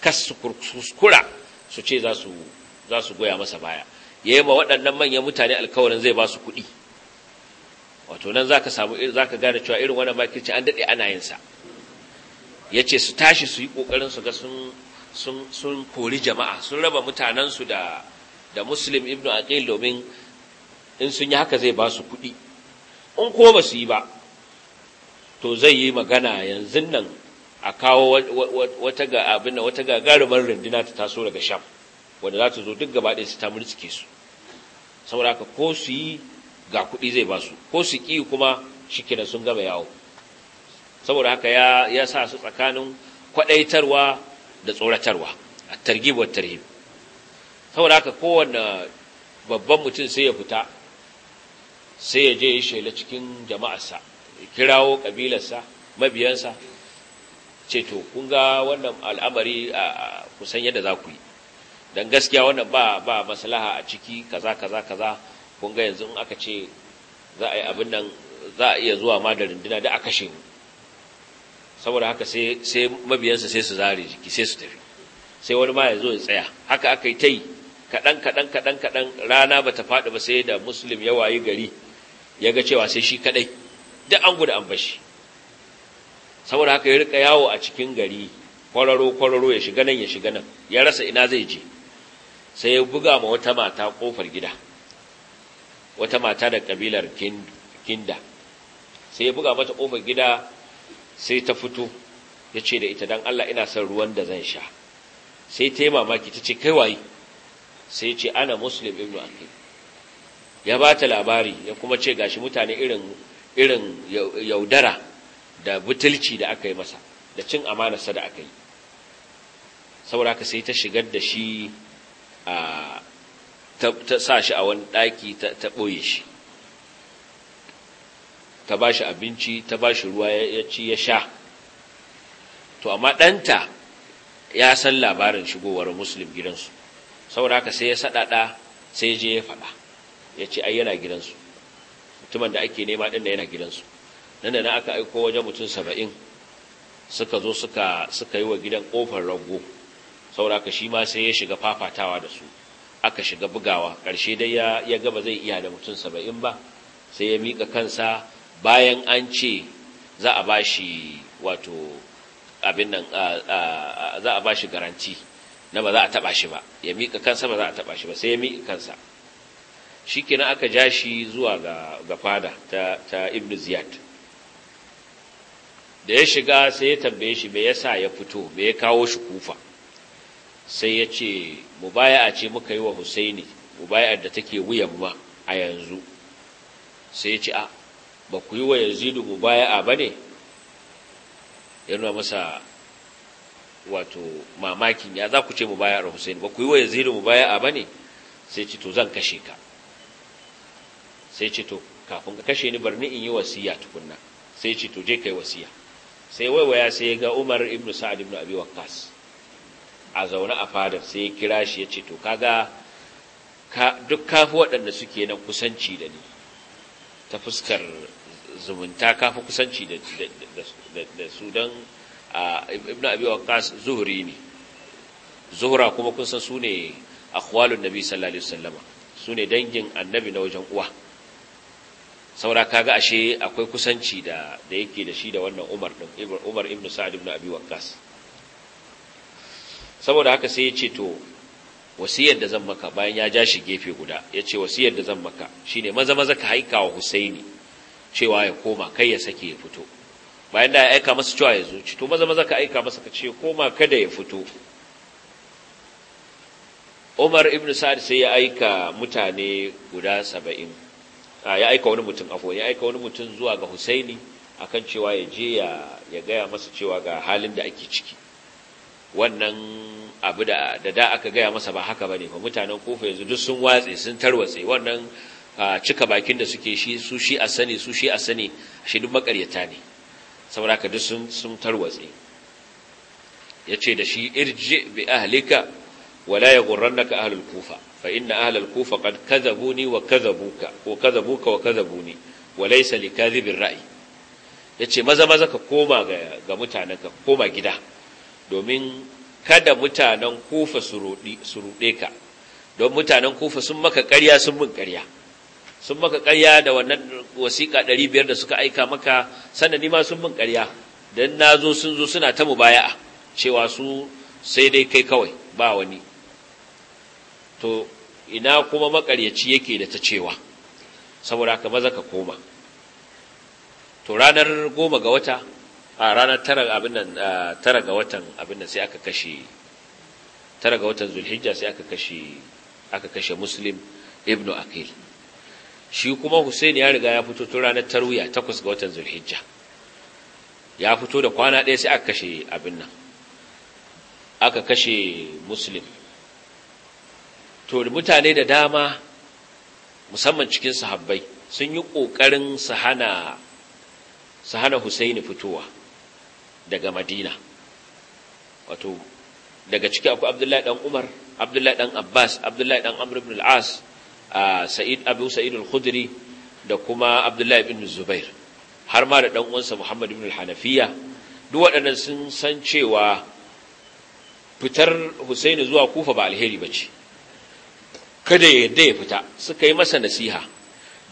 kas su kuskura su ce za su goya masa baya ya yi ma waɗannan manyan mutane alkawarin zai ba su kuɗi wato nan za ka samu za ka gane cewa irin wani makirci an daɗe ana yinsa ya ce su tashi su yi ƙoƙarin su ga sun kori jama'a sun raba mutanensu da musulun Ibn ibnu aqil domin in sun yi haka zai ba su kuɗi in ko ba su yi ba to zai yi magana yanzu nan a kawo wata ga abin wata ga garibar runduna ta taso daga sham wanda za ta zo duk gaba ɗaya su ta murtsike su saboda haka ko su yi ga kuɗi zai ba su ko su ƙi kuma shikina sun gama yawo saboda haka ya sa su tsakanin kwaɗaitarwa da tsoratarwa a targhib tarhib saboda haka kowanne babban mutum sai ya fita sai ya je ya shela cikin jama'arsa ya kirawo kabilarsa mabiyansa ce to kun ga wannan al'amari a kusan yadda za ku yi don gaskiya wannan ba ba maslaha a ciki kaza kaza kaza kun ga yanzu in aka ce za a yi abin nan za a iya zuwa ma da runduna da a kashe mu saboda haka sai sai mabiyansa sai su zare jiki sai su tafi sai wani ma ya zo ya tsaya haka aka yi ta yi kaɗan kaɗan kaɗan kaɗan rana bata ta faɗi ba sai da muslim ya wayi gari ya ga cewa sai shi kadai duk an gudu an bashi saboda haka ya rika yawo a cikin gari kwararo kwararo ya shiga nan ya shiga nan ya rasa ina zai je sai ya buga ma wata mata kofar gida wata mata da kabilar kinda sai ya buga mata kofar gida sai ta fito ya ce da ita dan Allah ina son ruwan da zan sha sai ta yi mamaki ta ce kai waye sai ce ana muslim ibnu akil ya ba ta labari ya kuma ce gashi mutane irin irin yaudara da butulci da aka yi masa da cin amanarsa da aka yi saboda ka sai ta shigar da shi a ta sa shi a wani ɗaki ta ɓoye shi ta ba shi abinci ta ba shi ruwa ya ci ya sha to amma ɗanta ya san labarin shigowar musulun gidansu saboda haka sai ya saɗaɗa sai je ya faɗa ya ce ai yana gidansu mutumin da ake nema ɗin da yana gidansu nan da na aka aiko wajen mutum saba'in suka zo suka yi wa gidan kofar rago saboda ka shi ma sai ya shiga fafatawa da su aka shiga bugawa ƙarshe dai ya ya gaba zai iya da mutum saba'in ba sai ya miƙa kansa bayan an ce za a bashi wato abin nan za a bashi garanti na ba za a taba shi ba ya miƙa kansa ba za a taba shi ba sai ya miƙa kansa kina aka ja shi zuwa ga ga fada ta ta ibn ziyad da ya shiga sai ya tambaye shi me yasa ya fito me ya kawo shi kufa sai ya ce mu a ce muka yi wa husaini baya da take wuyan ma a yanzu sai ya ce a ba ku yi wa yazidu mubaya'a ba ne ya nuna masa wato mamakin ya za ku ce mu a husaini ba ku yi wa yazidu mubaya'a ba ne sai ya ce to zan kashe ka sai ce to kafin ka kashe ni bar ni in yi wasiya tukunna sai ce to je kai wasiya sai waiwaya sai ya ga Umar ibn Sa'ad ibn Abi Waqqas a zaune a fadar sai ya kira shi ya ce to kaga ka duk kafi waɗanda suke nan kusanci da ni ta fuskar zumunta kafi kusanci da da su dan ibn Abi Waqqas zuhri ne zuhra kuma kun san su ne akhwalun nabi sallallahu alaihi wasallama su ne dangin annabi na wajen uwa saura kaga ashe akwai kusanci da da yake da shi da wannan Umar din Umar ibn Sa'd ibn Abi Waqqas saboda haka sai ya ce to wasiyar da zan maka bayan ya ja shi gefe guda ya ce wasiyar da zan maka shine maza maza ka haika wa Husaini cewa ya koma kai ya sake ya fito bayan da ya aika masa cewa ya zo to maza maza ka aika masa ka ce koma kada ya fito Umar ibn Sa'd sai ya aika mutane guda saba'in ya aika wani mutum afo ya aika wani mutum zuwa ga Husaini akan cewa ya je ya gaya masa cewa ga halin da ake ciki wannan abu da da aka gaya masa ba haka ba ne ba mutanen kofa yanzu duk sun watse sun tarwatse wannan cika bakin da suke shi su shi a sani su shi a sani shi duk makaryata ne saboda ka duk sun tarwatse ya ce da shi irji bi ahlika wala yaghurrannaka ahlul kufa fa inna ahlul kufa qad kadhabuni wa kadhabuka wa kadhabuka wa kadhabuni wa laysa likadhibir ra'i yace maza maza ka koma ga ga mutanen ka koma gida domin kada mutanen kufa su rudi rude ka don mutanen kufa sun maka ƙarya sun mun ƙarya sun maka ƙarya da wannan wasiƙa biyar da suka aika maka sanani ma sun mun ƙarya na zo sun zo suna ta mubaya'a cewa su sai dai kai kawai ba wani to ina kuma makaryaci yake da ta cewa saboda haka maza ka koma to ranar goma ga wata a ranar tara abin nan tara ga watan abin nan sai aka kashe tara ga watan zulhijja sai aka kashe aka kashe muslim ibnu akil shi kuma Husaini ya riga ya fito to ranar tarwiya takwas ga watan zulhijja ya fito da kwana ɗaya sai aka kashe abin nan aka kashe muslim to mutane da dama musamman cikin sahabbai sun yi ƙoƙarin su hana su hana Husaini fitowa daga Madina wato daga ciki akwai Abdullahi dan Umar Abdullahi dan Abbas Abdullahi dan Amr ibn al-As Sa'id Abu Sa'id al-Khudri da kuma Abdullahi ibn Zubair har ma da dan uwansa Muhammad ibn al-Hanafiya duk waɗannan sun san cewa fitar Husaini zuwa Kufa ba alheri ba ce. kada ya yadda ya fita suka yi masa nasiha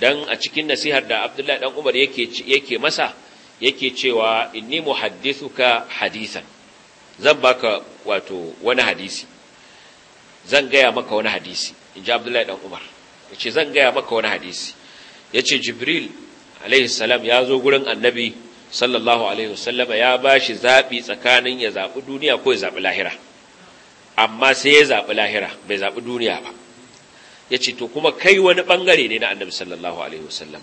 dan a cikin nasihar da Abdullahi dan Umar yake yake masa yake cewa inni muhaddithuka hadisan zan baka wato wani hadisi zan gaya maka wani hadisi in ji Abdullahi dan Umar yace zan gaya maka wani hadisi yace Jibril alaihi salam ya zo gurin Annabi sallallahu alaihi wasallam ya bashi zabi tsakanin ya zabi duniya ko ya zabi lahira amma sai ya zabi lahira bai zabi duniya ba Ya ce to kuma kai wani bangare ne na annabi sallallahu alaihi wasallam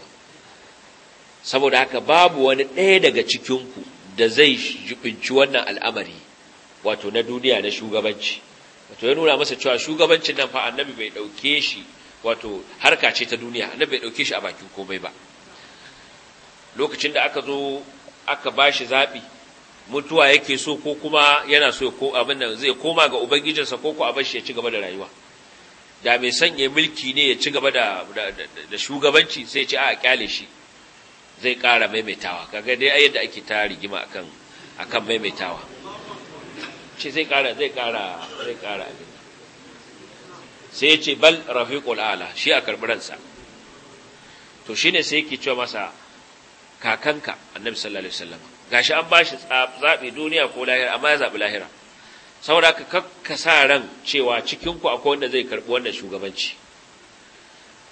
saboda haka babu wani ɗaya daga cikinku da zai jibinci wannan al'amari wato na duniya na shugabanci wato ya nuna masa cewa shugabancin nan fa annabi bai dauke shi wato harka ce ta duniya annabi bai dauke shi a bakin komai ba lokacin da aka zo aka bashi zaɓi mutuwa yake so ko kuma yana so ko abin zai koma ga ubangijinsa ko ko a bar shi ya ci gaba da rayuwa da mai sanya mulki ne ya ci gaba da shugabanci sai ce a kyale shi zai ƙara maimaitawa kaga dai ayyar da ake ta rigima akan akan maimaitawa ce zai kara zai kara zai ƙara abin sai ce bal rafiqul ala shi a karɓi ransa to shine sai yake cewa masa kakanka annabi sallallahu alaihi wasallam gashi an bashi zabi duniya ko lahira amma ya zabi lahira saboda ka ka sa ran cewa cikin ku akwai wanda zai karbi wannan shugabanci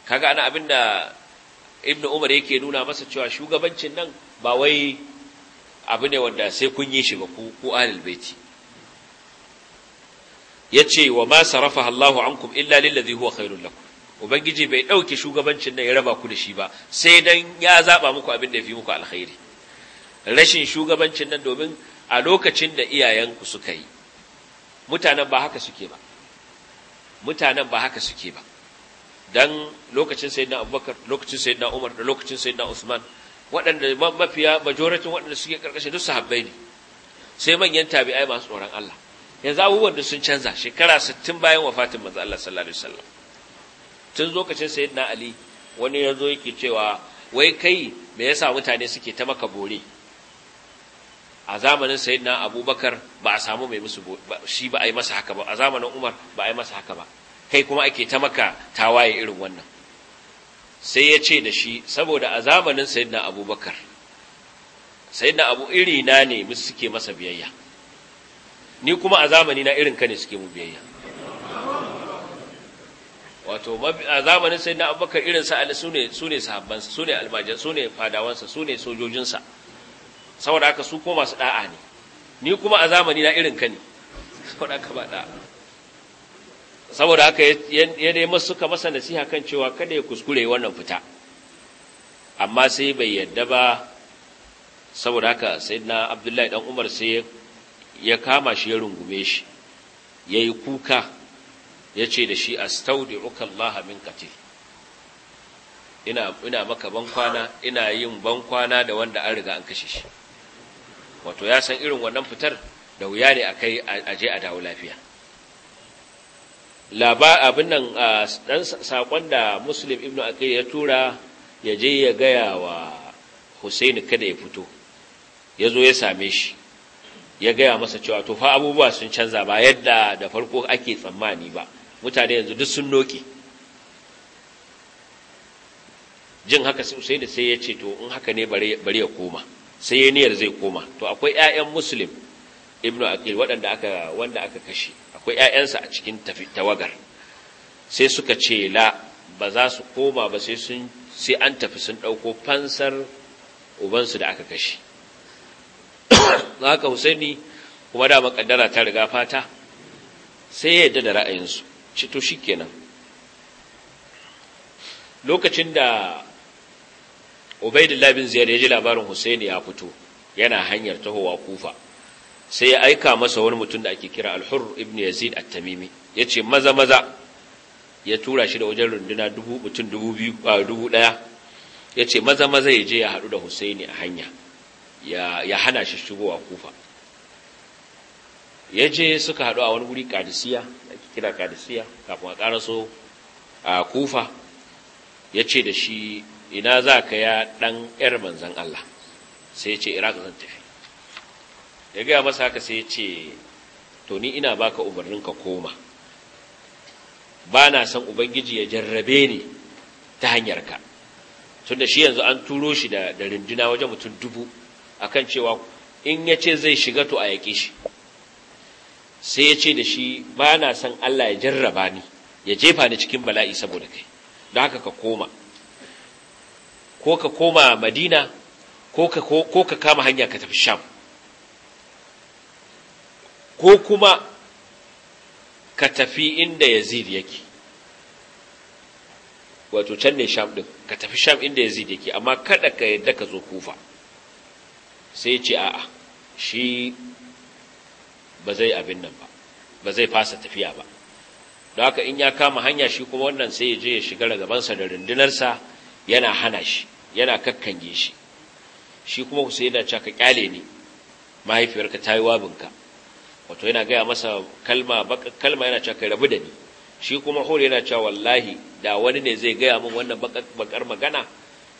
kaga ana abinda Ibn umar yake nuna masa cewa shugabancin nan ba wai abu ne wanda sai kun yi shi ba ku ku ahlul baiti yace wa ma sarafa Allahu ankum illa ladhi huwa khairul lakum ubangiji bai dauke shugabancin nan ya raba ku da shi ba sai dan ya zaba muku abin da ya yafi muku alkhairi rashin shugabancin nan domin a lokacin da iyayen ku suka yi mutanen ba haka suke ba mutanen ba haka suke ba dan lokacin sayyidina abubakar lokacin sayyidina umar da lokacin sayyidina usman waɗanda mafiya majoratin waɗanda suke ƙarƙashin, duk sahabbai ne sai manyan tabi'ai masu tsoron Allah yanzu abubuwan da sun canza shekara 60 bayan wafatin manzo Allah sallallahu alaihi wasallam tun lokacin sayyidina ali wani yazo yake cewa wai kai me yasa mutane suke ta maka bore a zamanin sayyidina abubakar ba a samu mai musu shi ba a yi masa haka ba a zamanin umar ba a yi masa haka ba kai kuma ake ta maka tawaye irin wannan sai ya ce da shi saboda a zamanin sayyidina abubakar sayyidina abu iri na ne musu suke masa biyayya ni kuma a zamani na irin ka ne suke mu biyayya wato a zamanin sayyidina abubakar irin sa su ne su ne sahabbansa su ne almajan su ne fadawansa su ne sojojinsa saboda haka su kuma masu da'a ne ni kuma a zamani na irin ka ne saboda haka ba da'a saboda haka ya nema suka masa nasiha kan cewa kada ya kuskure wannan fita amma sai bai yadda ba saboda aka sai na abdullahi dan umar sai ya kama shi ya rungume shi ya yi kuka ya ce da shi astaudi'uka Allah min qatil ina ina maka bankwana ina yin bankwana da wanda an riga an kashe shi wato ya san irin wannan fitar da wuya ne a aje a dawo lafiya abin nan dan sakon da muslim ibnu akai ya tura ya je ya gaya wa husaini kada ya fito ya zo ya same shi ya gaya masa cewa to fa abubuwa sun canza ba yadda da farko ake tsammani ba mutane yanzu duk sun noke jin haka sai sai ya ce to in haka ne bari ya koma sai ya niyyar zai koma to akwai ƴaƴan muslim ibnu aqil waɗanda aka wanda aka kashe akwai ƴaƴansa a cikin tawagar sai suka ce la ba za su koma ba sai sun sai an tafi sun ɗauko fansar ubansu da aka kashe (coughs) haka husaini kuma da makaddara ta riga fata sai ya yadda da ra'ayinsu ci to shikenan lokacin da ubaidullah bin Ziyad ya ji labarin husaini ya fito yana hanyar tahowa kufa sai ya aika masa wani mutum da ake kira alhur ibn yazid at-tamimi yace maza maza ya tura shi da wajen runduna dubu mutum dubu biyu dubu daya yace maza maza ya je ya haɗu da husaini a hanya ya ya hana shi shigowa kufa ya suka haɗu a wani guri kadisiya ake kira kadisiya kafin a karaso a kufa yace ce da shi ina za ka ya ɗan ‘yar manzan Allah sai ce iraq zan tafi Ya gaya masa haka sai ce to ni ina baka umarnin ka koma ba na son ubangiji ya jarrabe ni ta hanyarka tun da shi yanzu an turo shi da rinduna wajen mutum dubu akan cewa in ya ce zai shiga to a yaƙi shi sai ya ce da shi ba na son Allah ya jarraba ni ya jefa ni cikin bala'i saboda kai don haka ka koma ko ka koma madina ko ka kama hanya ka tafi sham ko kuma ka tafi inda yazid yake wato can ne sham din ka tafi sham inda yazid yake amma kada ka yadda ka zo kufa sai ce a'a shi ba zai abin nan ba ba zai fasa tafiya ba don haka in ya kama hanya shi kuma wannan sai ya je ya shiga ragabansa da rundunarsa yana hana shi yana kakkange shi shi kuma Hussein yana cewa ka kyale ni mahaifiyarka ta yi wabinka wato yana gaya masa kalma baka kalma yana cewa kai rabu da ni shi kuma hore yana cewa wallahi da wani ne zai gaya min wannan bakar magana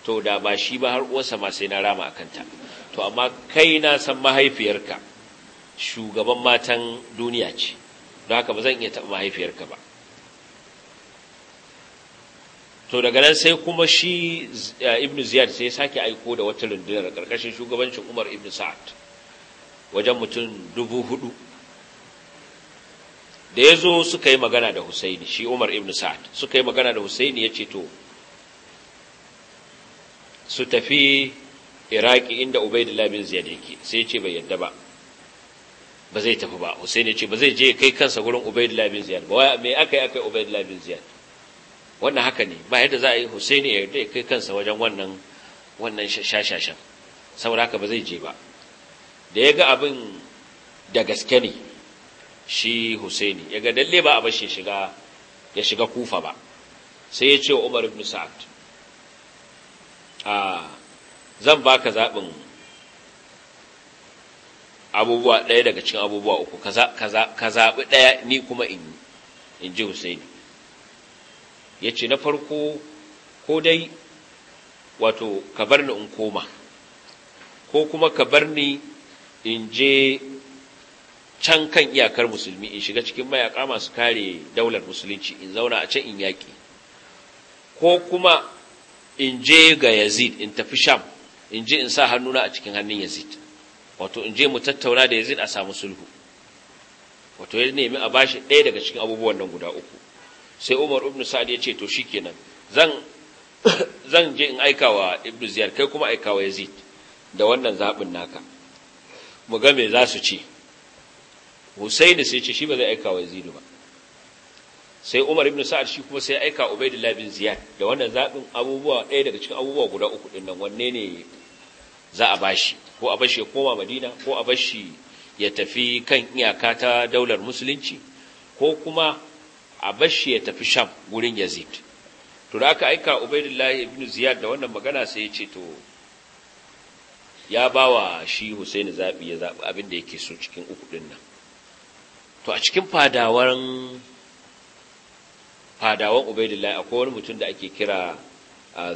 to da ba shi ba har uwarsa ma sai na rama akan ta to amma kai na san mahaifiyarka shugaban matan duniya ce don haka ba zan iya taɓa mahaifiyarka ba to daga nan sai kuma shi eh, ibn ziyad sai sake aiko da wata rundunar karkashin shugabancin umar ibn sa'ad wajen mutum dubu hudu da ya zo suka yi magana da husaini shi umar ibn sa'ad suka yi magana da husaini ya ce to su tafi iraki inda ubaidullah bin ziyad yake sai ce bai yadda ba ba zai tafi ba husaini ya ce ba zai je kai kansa gurin ubaidullah bin ziyad ba wai me aka yi aka yi ubaidullah bin ziyad wannan haka ne ba yadda za a yi husaini ya yarda kai kansa wajen wannan wannan shashashan saboda haka ba zai je ba da ya ga abin da gaske ne shi husaini ya ga dalle ba a bashi shiga ya shiga kufa ba sai ya ce wa umar ibn sa'ad a zan baka zaɓin abubuwa ɗaya daga cikin abubuwa uku ka zaɓi ɗaya ni kuma in in ji husaini ya ce na farko ko dai wato ka bar ni in koma ko kuma ka bar ni in je can kan iyakar musulmi in shiga cikin mayaka masu kare daular musulunci in zauna a can in yaƙi ko kuma in je ga yazid in tafi sham in je in sa hannuna a cikin hannun yazid wato in je mu tattauna da yazid a samu sulhu wato ya nemi a bashi ɗaya daga cikin abubuwan nan guda uku sai umar ibn sa'ad ya ce to shikenan zan (coughs) zan je in aika wa ibn ziyar kai kuma aika wa yazid da wannan zabin naka mu ga me za su ce husaini sai ce shi ba zai aika wa yazid ba sai umar ibn sa'ad shi kuma sai aika ubaidullah bin ziyad da wannan zabin abubuwa ɗaya daga cikin abubuwa guda uku din nan wanne ne za a bashi ko a bashi ya koma madina ko a bashi ya tafi kan iyaka ta daular musulunci ko kuma a bashi ya tafi sham gurin yazid to da aka aika ubaidullahi ibn ziyad da wannan magana sai ya ce to ya bawa shi husaini zabi ya zabi abin da yake so cikin uku din nan to a cikin fadawan fadawan ubaidullahi akwai wani mutum da ake kira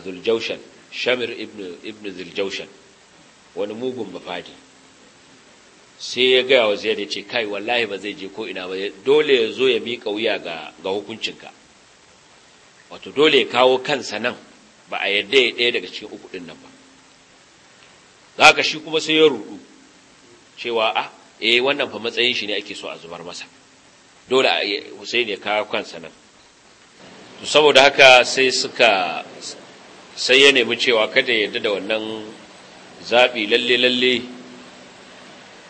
zuljaushan shamir ibn ibn zuljaushan wani mugun mafadi sai ya gaya wa ziyar ya ce kai wallahi ba zai je ko ina ba dole ya zo ya miƙa wuya ga hukuncinka wato dole ya kawo kansa nan ba a yadda ya ɗaya daga cikin uku ɗin nan ba za ka shi kuma sai ya rudu cewa a ah, eh wannan fa matsayin shi ne ake so a zubar masa dole a eh, Hussein ya kawo kansa nan to saboda haka sai suka sai ya nemi cewa kada ya yadda da wannan zaɓi lalle lalle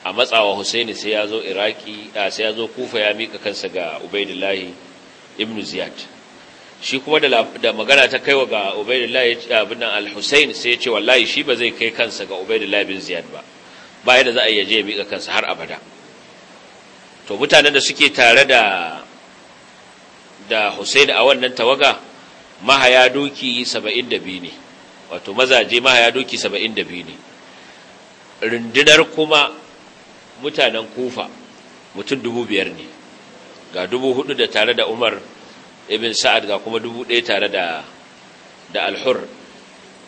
a matsawa husaini sai ya zo iraki sai ya zo kufa ya mika kansa ga ubaidullahi ibn ziyad shi kuma da magana ta kaiwa ga ubaidullahi abin al-husain sai ya ce wallahi shi ba zai kai kansa ga ubaidullahi Ibn ziyad ba ba yadda za a yaje ya mika kansa har abada to mutanen da suke tare da da a wannan tawaga mahaya doki 72 ne wato mazaje mahaya doki 72 ne rundunar kuma mutanen kufa mutum dubu biyar ne ga dubu hudu da tare da umar ibn sa'ad ga kuma dubu ɗaya tare da da alhur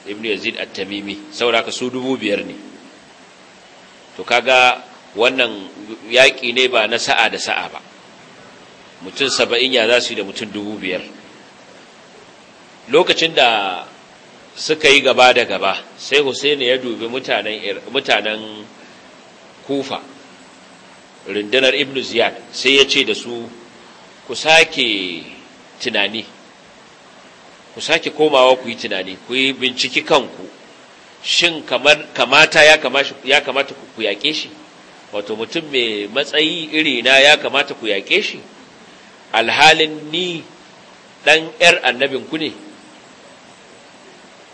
ibn yazid at-tamimi sauraka su dubu biyar ne to kaga wannan yaƙi ne ba na sa'a da sa'a ba mutum saba'in ya za su yi da mutum dubu biyar lokacin da suka yi gaba da gaba sai Hussein ya dubi mutanen kufa rundunar ibn ziyad sai ya ce da su ku sake tunani ku sake komawa ku yi tunani ku yi binciki kanku shin kamata ya kamata ku yaƙe shi wato mutum mai matsayi iri na ya kamata ku yaƙe shi alhalin ni ɗan ‘yar annabinku ne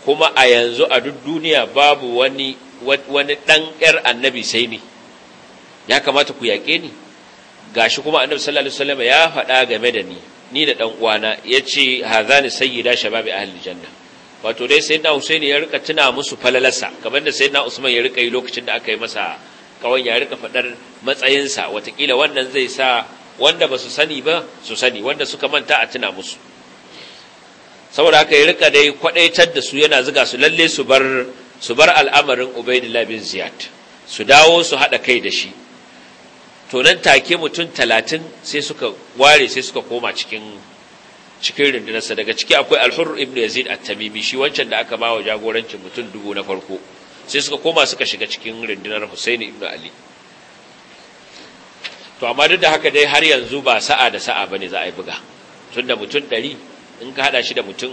kuma a yanzu a duk duniya babu wani ɗan ‘yar annabi sai ne. ya kamata ku yaƙe ni gashi kuma annabi sallallahu alaihi wasallam ya faɗa game da ni ni da dan uwana yace hazani sayyida shababi ahli janna wato dai sayyidina husaini ya rika tuna musu falalarsa kamar da sayyidina usman ya rika yi lokacin da aka yi masa kawai ya rika faɗar matsayinsa watakila wannan zai sa wanda ba su sani ba su sani wanda suka manta a tuna musu saboda haka ya rika dai kwadaitar da su yana zuga su lalle su bar su bar al'amarin ubaidillah bin ziyad su dawo su haɗa kai da shi to nan take mutum talatin sai suka ware sai suka koma cikin cikin rundunarsa daga ciki akwai alhur ibn yazid at-tamimi shi wancan da aka bawa jagorancin mutum dubu na farko sai suka koma suka shiga cikin rundunar husaini ibn ali to amma duk da haka dai har yanzu ba sa'a da sa'a bane za a yi buga tunda mutum ɗari in ka haɗa shi da mutum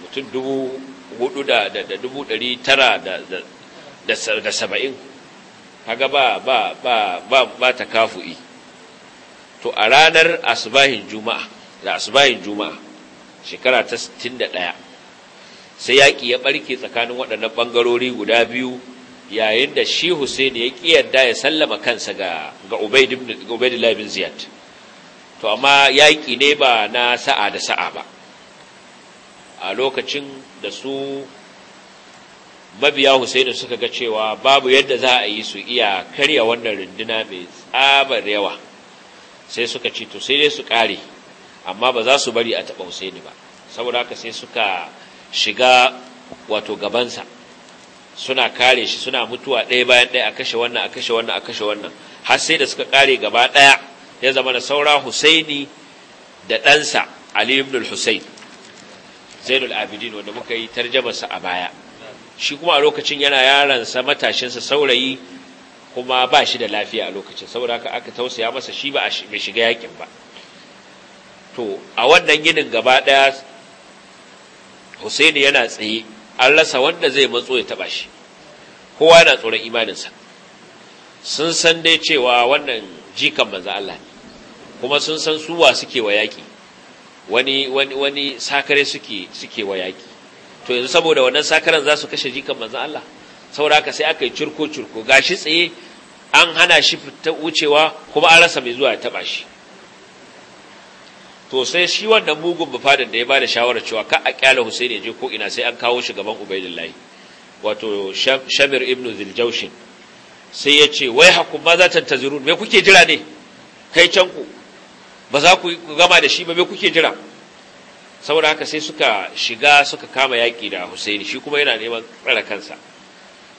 mutum dubu hudu da dubu ɗari tara da saba'in kaga ba ba ba ba ba kafu'i to a ranar asbahin juma'a da asbahin juma'a shekara ta 61 sai yaƙi ya ɓarke tsakanin waɗannan ɓangarori guda biyu yayin da shi Hussein ya ƙi yarda ya sallama kansa ga ga Ubaidullah Ziyad to amma yaƙi ne ba na sa'a da sa'a ba a lokacin da su mabiya husaini suka ga cewa babu yadda za a yi su iya karya wannan runduna mai tsabar yawa sai suka ci to sai dai su kare amma ba za su bari a taɓa husaini ba saboda haka sai suka shiga wato gabansa suna kare shi suna mutuwa ɗaya bayan ɗaya a kashe wannan a kashe wannan a kashe wannan har sai da suka kare gaba ɗaya ya zama da saura husaini da ɗansa ali ibn al-husain zainul abidin wanda muka yi tarjamarsa a baya shi kuma a lokacin yana yaransa matashinsa saurayi kuma ba shi da lafiya a lokacin saboda haka aka tausaya masa shi ba bai shiga yakin ba to a wannan ginin gaba daya Husaini yana tsaye an rasa wanda zai matso ya taba shi kowa yana tsoron imaninsa sun san dai cewa wannan jikan manzo Allah ne kuma sun san suwa suke wa yaki wani wani wani sakare suke suke wa yaki to yanzu saboda wannan sakaran za su kashe jikan manzan Allah saboda haka sai aka yi curko curko gashi tsaye an hana shi ta wucewa kuma an rasa mai zuwa ya taba shi to sai shi wannan mugun bufadin da ya bada shawarar cewa ka a kyala Hussein ya je ko ina sai an kawo shi gaban Ubaidillah wato Shamir ibn Zuljaushin sai ya ce wai hakum ma za tazirun, me kuke jira ne kai can ku ba za ku gama da shi ba me kuke jira saboda haka sai suka shiga suka kama yaƙi da husaini shi kuma yana neman tsara kansa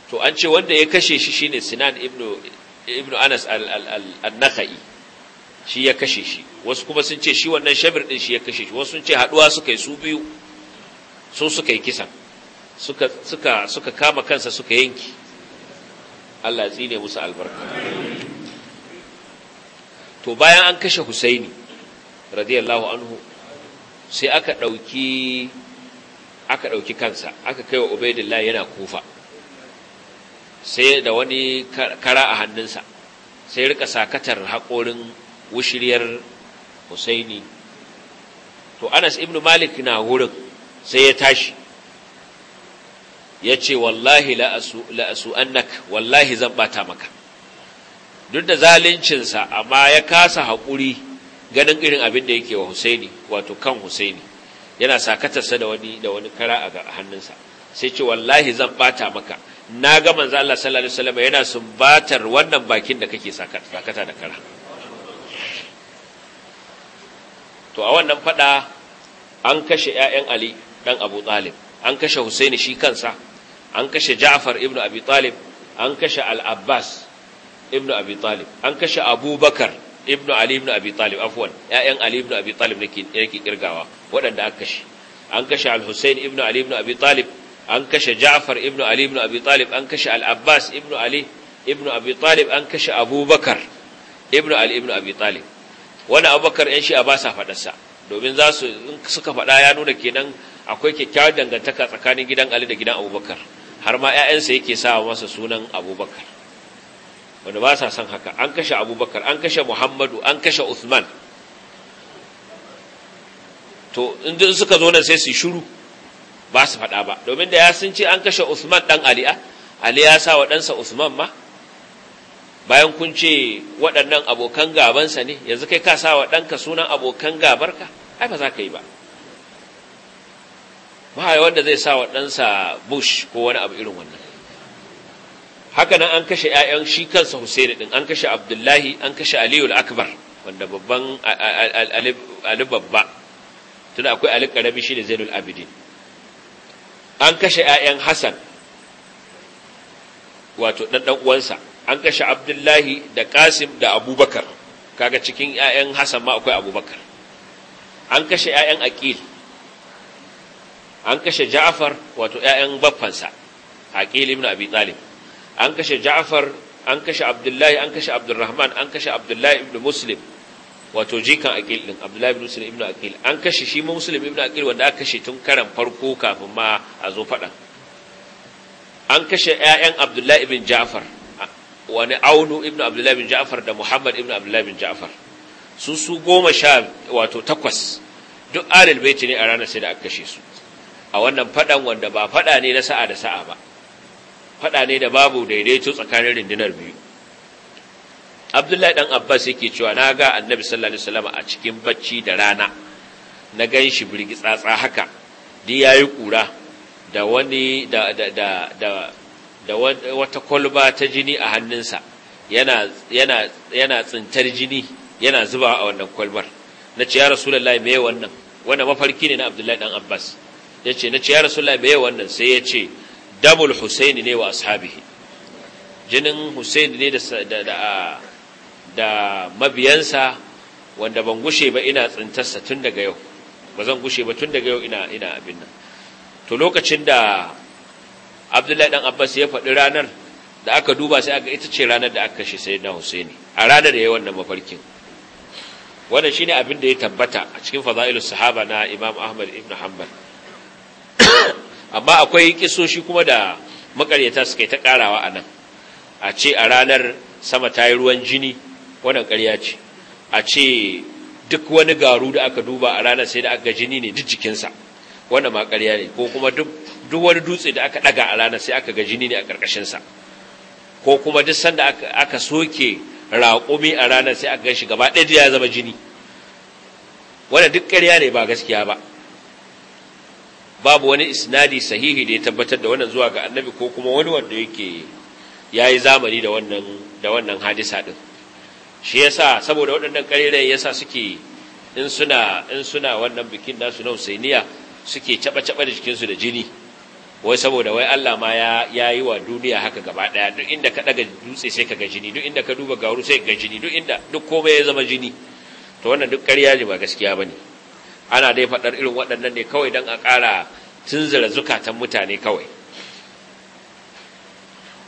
to an ce wanda ya kashe shi shine sinan Ibn ibn anas al-nakhai shi ya kashe shi wasu kuma sun ce shi wannan shabir din shi ya kashe shi wasu sun ce haduwa suka yi su biyu sun suka yi kisan suka suka suka kama kansa suka yanki Allah tsine musu albarka to bayan an kashe Husaini radiyallahu anhu sai aka ɗauki aka ɗauki kansa aka kai wa ubaidillah yana kufa sai da wani kara a hannunsa sai rika sakatar haƙorin wushiriyar husaini to anas ibn malik na wurin sai ya tashi ya ce wallahi la'asu annak wallahi zan bata maka duk da zalincinsa amma ya kasa haƙuri ganin irin abin da yake wa Husaini wato kan Husaini yana sakatarsa da wani da wani kara a hannunsa sai ce wallahi zan bata maka na ga manzo Allah sallallahu alaihi wasallam yana sumbatar wannan bakin da kake sakata da kara to a wannan fada an kashe ƴaƴan Ali dan Abu Talib an kashe Husaini shi kansa an kashe Ja'far ibn Abi Talib an kashe Al-Abbas ibn Abi Talib an kashe Abu Bakar ibnu ali ibnu abi talib afwan ya'yan ali ibnu abi talib nake nake kirgawa waɗanda aka kashe an kashe al-husayn ibnu ali ibnu abi talib an kashe ja'far ibnu ali ibnu abi talib an kashe al-abbas ibnu ali ibnu abi talib an kashe abubakar ibnu ali ibnu abi talib wani abubakar ƴan shi'a ba sa faɗarsa domin za su suka faɗa ya nuna kenan akwai kyakkyawar dangantaka tsakanin gidan ali da gidan abubakar har ma 'ya'yansa yake sawa masa sunan abubakar wanda ba sa son haka an kashe abubakar an kashe muhammadu an kashe usman to in suka zo nan sai su shuru, ba su faɗa ba domin da ya sun ce an kashe usman ɗan ali'a ah, ali ya sa wa ɗansa usman ma bayan kun ce waɗannan abokan gabansa ne yanzu kai ka sa wa ɗanka sunan abokan gabarka ai ba za ka yi ba ba wanda zai sa wa ɗansa bush ko wani abu irin wannan haka nan an kashe 'ya'yan shi kansa Husaini din an kashe Abdullahi an kashe Aliyu akbar wanda babban Ali babba tun akwai Ali karami shi da Zainul Abidin an kashe 'ya'yan Hassan wato ɗanɗan uwansa an kashe Abdullahi da kasim da Abubakar kaga cikin 'ya'yan Hassan ma akwai Abubakar an kashe 'ya'yan Aqil an kashe Ja'far wato 'ya'yan baffansa Aqil ibn Abi Talib an kashe Ja'afar, an kashe abdullahi an kashe abdurrahman an kashe abdullahi ibn muslim wato jikan aqil din abdullahi ibn muslim ibn aqil an kashe shi muslim ibn aqil wanda aka kashe tun karan farko kafin ma a zo fadan an kashe ƴaƴan abdullahi ibn ja'far wani aunu ibn abdullahi ibn ja'far da muhammad ibn abdullahi ibn ja'far su su goma sha wato takwas duk alil baiti ne a ranar sai da aka kashe su a wannan fadan wanda ba fada ne na sa'a da sa'a ba faɗa ne da babu daidaito tsakanin rundunar biyu abdullahi dan abbas yake cewa na ga annabi sallallahu alaihi wasallam a cikin bacci da rana na gan shi tsatsa haka ya yayi kura da wani da da da da, da wata kwalba ta jini a hannunsa yana yana yana tsintar jini yana zuba a wannan kwalbar na ce ya rasulullahi me wannan wannan mafarki ne na abdullahi dan abbas ya ce na ce ya rasulullahi me wannan sai ya ce damul husaini ne wa ashabihi jinin husaini ne da mabiyansa wanda ban gushe ba ina tsintarsa tun daga yau ba zan gushe ba tun daga yau ina abin nan to lokacin da abdullahi dan abbas ya faɗi ranar da aka duba sai aka ita ce ranar da aka kashe na husaini a ranar da ya wannan mafarkin wannan shine abin da ya tabbata a cikin fadailus sahaba na imam ahmad ibn hanbal amma akwai kisoshi kuma da makaryata suka yi ta karawa a nan a ce a ranar sama ta yi ruwan jini wannan karya ce a ce duk wani garu da aka duba a ranar sai da aka jini ne duk jikinsa wannan ma karya ne ko kuma duk wani dutse da aka daga a ranar sai aka ga jini ne a karkashinsa ko kuma duk sanda aka soke raƙumi a ranar sai aka gan shi gaba ɗaya ya zama jini wannan duk karya ne ba gaskiya ba babu wani isnadi sahihi da ya tabbatar da wannan zuwa ga annabi ko kuma wani wanda yake yayi zamani da wannan da wannan hadisa din shi yasa saboda waɗannan ƙarerayen yasa suke in suna in suna wannan bikin nasu na Husainiya suke caba caba da jikinsu su da jini wai saboda wai Allah ma ya yayi wa duniya haka gaba daya duk inda ka daga dutse sai ka ga jini duk inda ka duba gauru sai ka ga jini duk inda duk komai ya zama jini to wannan duk ƙarya ne ba gaskiya bane ana dai faɗar irin waɗannan ne kawai don a ƙara tunzura zukatan mutane kawai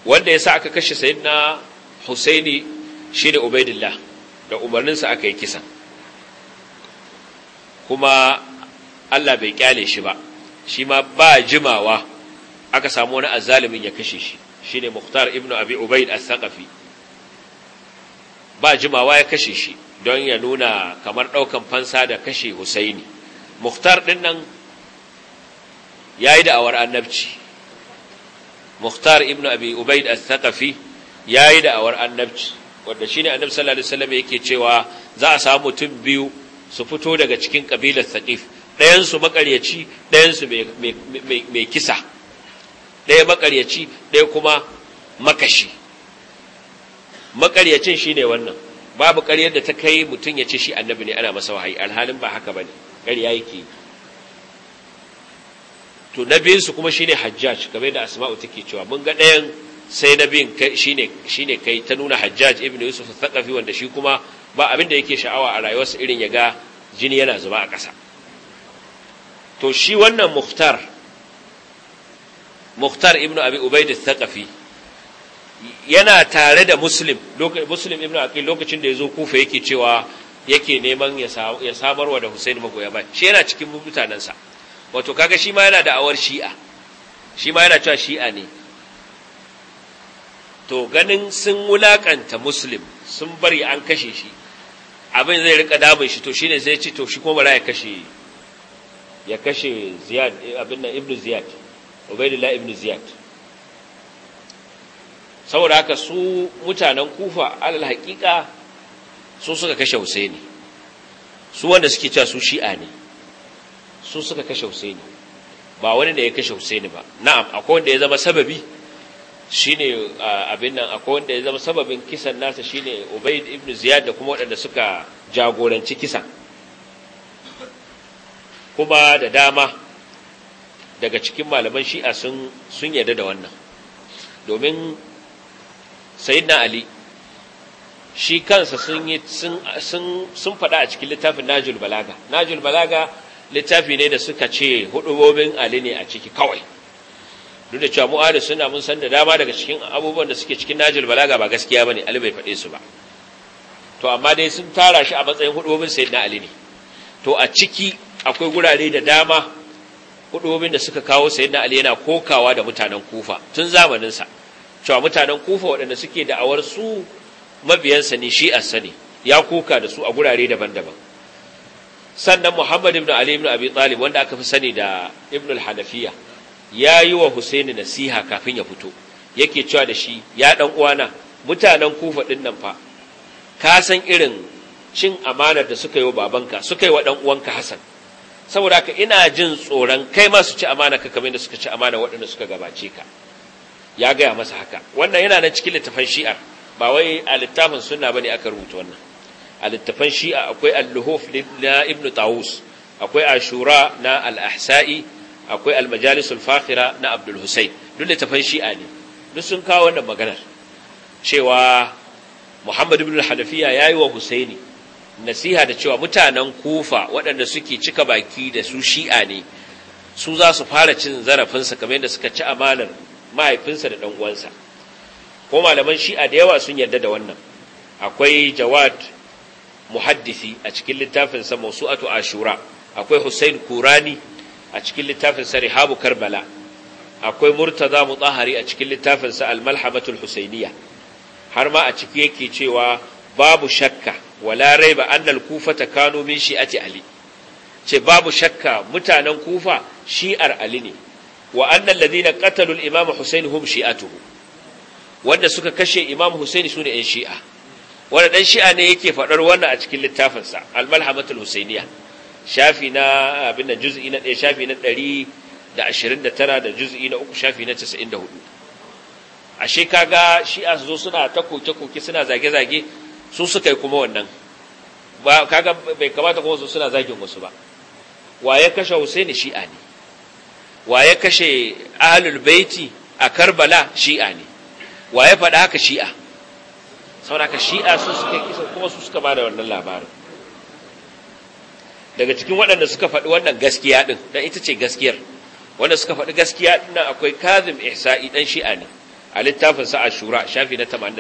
wanda ya sa aka kashe sayidina husaini shi da ubaidillah da umarninsa aka yi kisan kuma allah bai kyale shi ba shi ma ba jimawa aka samu wani azalimin ya kashe shi shi ne muhtar ibn abi ubaid al saqafi ba jimawa ya kashe shi don ya nuna kamar ɗaukan fansa da kashe husaini muhtar ɗin nan ya yi da'awar annabci muhtar ibn abi ubaid al-thaqafi ya yi da'awar annabci wanda shi ne annabi sallallahu alaihi wasallam yake cewa za a samu mutum biyu su fito daga cikin kabilar thaqif ɗayansu makaryaci ɗayansu mai kisa ɗaya makaryaci ɗaya kuma makashi makaryacin shi ne wannan babu ƙaryar da ta kai mutum ya ce shi annabi ne ana masa wahayi alhalin ba haka bane ƙarya yake to nabiyin su kuma shine hajjaj kamar da asma'u take cewa mun ga ɗayan sai nabiyin shine shine kai ta nuna hajjaj ibnu yusuf thaqafi wanda shi kuma ba abin da yake sha'awa a rayuwarsa irin ya ga jini yana zuba a ƙasa to shi wannan muhtar muhtar ibnu abi ubaid thaqafi yana tare da muslim muslim ibn aqil lokacin da ya zo kufa yake cewa yake neman ya samarwa da husaini magoya bai shi yana cikin mutanensa wato kaga shi ma yana awar shi'a shi ma yana cewa shi'a ne to ganin sun wulakanta muslim sun bari an kashe shi abin zai rika damun shi to shine zai ci to shi kuma bara ya kashe ya kashe ziyad eh, abin nan ibnu ziyad ubaidullah ibnu ziyad saboda haka su mutanen kufa alal haƙiƙa su suka kashe husaini su wanda suke cewa su shi'a ne su suka kashe husaini ba wani da ya kashe husaini ba na'am akwai wanda ya zama sababi shine abin nan akwai wanda ya zama sababin kisan nasa shine ubaid ibn ziyad da kuma waɗanda suka jagoranci kisan kuma da dama daga cikin malaman shi'a sun yarda da wannan domin sayyidina ali shi kansa sun yi sun faɗa a cikin littafin najul balaga najul balaga littafi ne da suka ce hudubobin ali ne a ciki kawai duk da cewa mu'adu suna mun san da dama daga cikin abubuwan da suke cikin najul balaga ba gaskiya bane ali bai faɗe su ba to amma dai sun tara shi a matsayin hudubobin sayyidina ali ne to a ciki akwai gurare da dama hudubobin da suka kawo sayyidina ali yana kokawa da mutanen kufa tun zamaninsa sa cewa mutanen kufa waɗanda suke da'awar su mabiyansa ne shi a sani ya kuka da su a gurare daban-daban sannan muhammad ibn ali ibn abi talib wanda aka fi sani da ibn al-hanafiya ya yi wa husaini nasiha kafin ya fito yake cewa da shi ya dan uwana mutanen kufa din nan fa ka san irin cin amanar da suka yi wa babanka suka yi wa dan uwanka hasan saboda haka ina jin tsoron kai ma su ci amana ka kamar da suka ci amana waɗanda suka gabace ka ya gaya masa haka wannan yana na cikin littafan shi'a ba wai a littafin sunna bane aka rubuta wannan a littafan shi'a akwai al-luhuf na ibn tawus akwai ashura na al-ahsa'i akwai al-majalis fakhira na abdul husayn duk littafan shi'a ne duk sun kawo wannan maganar cewa muhammad ibn al-hanafiya yayi wa husaini nasiha da cewa mutanen kufa waɗanda suke cika baki da su shi'a ne su za su fara cin zarafinsa kamar yadda suka ci amanar. mahaifinsa da ɗan uwansa ko malaman shi'a da yawa sun yarda da wannan akwai jawad muhaddisi a cikin littafinsa atu ashura akwai hussein kurani a cikin littafinsa rihabu karbala akwai murtaza mutahari a cikin littafinsa almalhamatul husainiya har ma a ciki yake cewa babu shakka wala rai ba annal kufa ta kano min shi'ati ali ce babu shakka mutanen kufa shi'ar ali ne wa annal ladina qatalu al-imam Hussein hum shi'atuhu wanda suka kashe imam Hussein sune ɗan shi'a wanda ɗan shi'a ne yake faɗar wannan a cikin littafin sa al-malhamatul husainiya shafi na abin nan juz'i na 1 eh, shafi na 129 da juz'i na 3 shafi na 94 ashe kaga shi'a su zo suna ta koke-koke suna zage-zage su suka yi kuma wannan ba kaga bai kamata kuma su suna zagin wasu ba wa ya kashe Hussein shi'a ne wa ya kashe ahlul baiti a karbala shi'a ne wa ya faɗa haka shi'a sauraka shi'a su suka kisa kuma su suka bada wannan labarin daga cikin waɗanda suka faɗi wannan gaskiya ɗin don ita ce gaskiyar wanda suka faɗi gaskiya ɗin akwai kazim ihsa'i ɗan shi'a ne a littafinsa a shura shafi na 89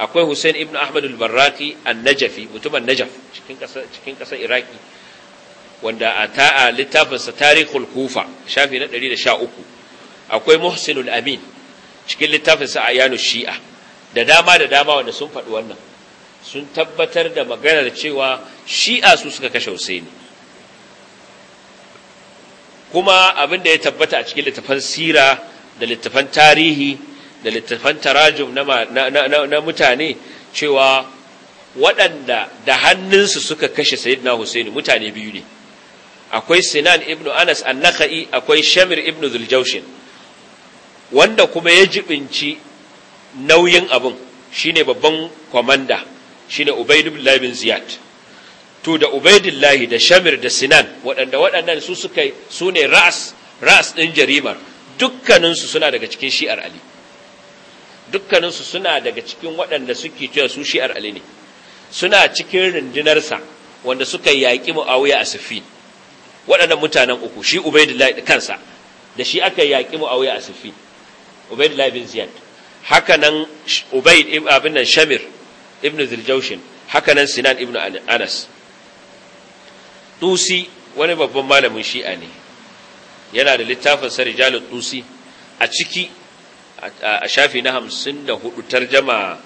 akwai Hussein ibn Ahmad al-Barraki an-Najafi mutumin Najaf cikin cikin ƙasar Iraki wanda a ta'a littafinsa tarihul kufa shafi na 113 akwai muhsinul amin cikin littafinsa a yano shi'a da dama da dama wanda sun faɗi wannan sun tabbatar da maganar cewa shi'a su suka kashe husaini kuma abin da ya tabbata a cikin littafan sira da littafan tarihi da littafan tarajum na mutane cewa waɗanda da hannunsu suka kashe sayidina husaini mutane biyu ne akwai sinan ibnu anas annaka'i akwai shamir ibnu zuljaushin wanda kuma ya jibinci nauyin abun shine babban kwamanda shine ubaidullahi bin ziyad to da ubaidullahi da shamir da sinan waɗanda waɗannan su suka su ne ra'as ra'as ɗin jarimar dukkaninsu suna daga cikin shi'ar ali dukkaninsu suna daga cikin waɗanda suke cewa su shi'ar ali ne suna cikin rundunarsa wanda suka yaƙi mu'awiya a siffin. waɗannan mutanen uku shi ubaidullahi kansa da shi aka yaƙi muawiya a sufi ubaidullahi bin ziyad haka nan ubaid abin nan shamir ibn Zirjaushin, haka nan sinan ibn anas tusi wani babban malamin shi'a ne yana da littafin sarijalin tusi a ciki a shafi na hamsin da hudu tarjama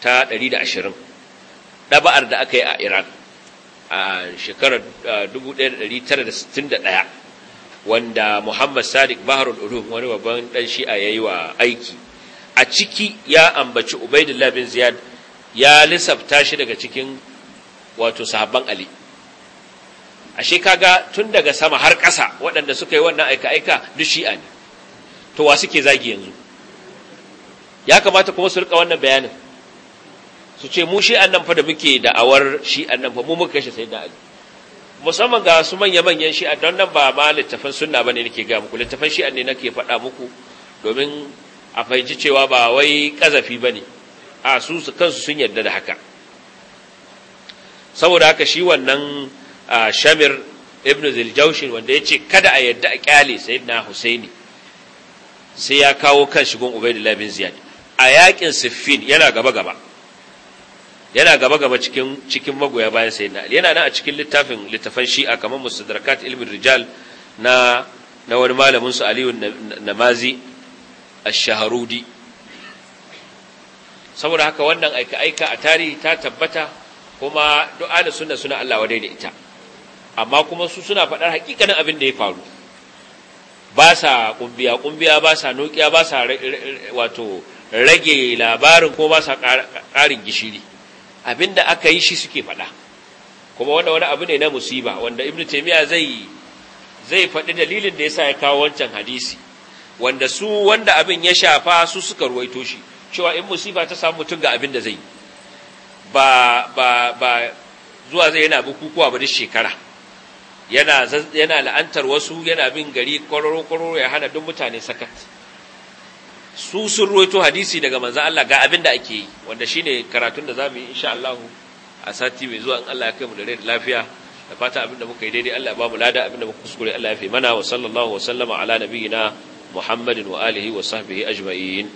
ta ɗari da ashirin, ɗaba'ar da aka yi a iran a shekarar 1961 wanda Muhammad Sadiq Baharul Ulum wani babban dan shi'a ya yi wa aiki a ciki ya ambaci Ubaidullah bin Ziyad ya lissafta shi daga cikin wato sahabban Ali ashe kaga tun daga sama har ƙasa waɗanda suka yi wannan aika-aika duk shi'a ne to wa suke zagi yanzu ya kamata kuma su rika wannan bayanin su ce mu shi annan fa da muke da'awar shi annan fa mu muka kashe da ali musamman ga su manya manyan shi a don nan ba ma littafin sunna bane nake ga muku littafin shi ne nake faɗa muku domin a fahimci cewa ba wai kazafi bane a su kansu sun yarda da haka saboda haka shi wannan shamir ibn zuljaushin wanda ya ce kada a yarda a kyale sayyidina husaini sai ya kawo kan shigon ubaidullah bin ziyad a yakin siffin yana gaba gaba yana gaba gaba cikin cikin magoya bayan sai na yana nan a cikin littafin littafan shi'a kamar mustadrakat ilmin rijal na na wani malamin su aliyu namazi ash-shahrudi saboda haka wannan aika aika a tarihi ta tabbata kuma du'a da sunna suna Allah wadai da ita amma kuma su suna faɗar hakikanin abin da ya faru ba sa kumbiya kumbiya ba sa nokiya ba sa wato rage labarin ko ba sa ƙarin gishiri Abin da aka yi shi suke faɗa kuma wanda wani abu ne na musiba wanda ibn taimiyya zai zai faɗi dalilin da ya sa ya kawo wancan hadisi wanda su wanda abin ya shafa su suka ruwaito shi cewa in musiba ta samu mutum ga abin da zai ba ba ba zuwa zai yana bukukuwa ba duk shekara yana yana la'antar wasu yana bin gari kwararo kwararo ya hana duk mutane sakat su sun ruwaito hadisi daga manzo Allah ga abin da ake yi wanda shine karatun da za mu yi insha Allah a sati mai zuwa in Allah ya kai mu da rai da lafiya da fata abin da muka yi daidai Allah ya ba mu lada abin da muka kuskure Allah ya fi mana wa sallallahu wa sallama ala nabiyina Muhammadin wa alihi wa sahbihi ajma'in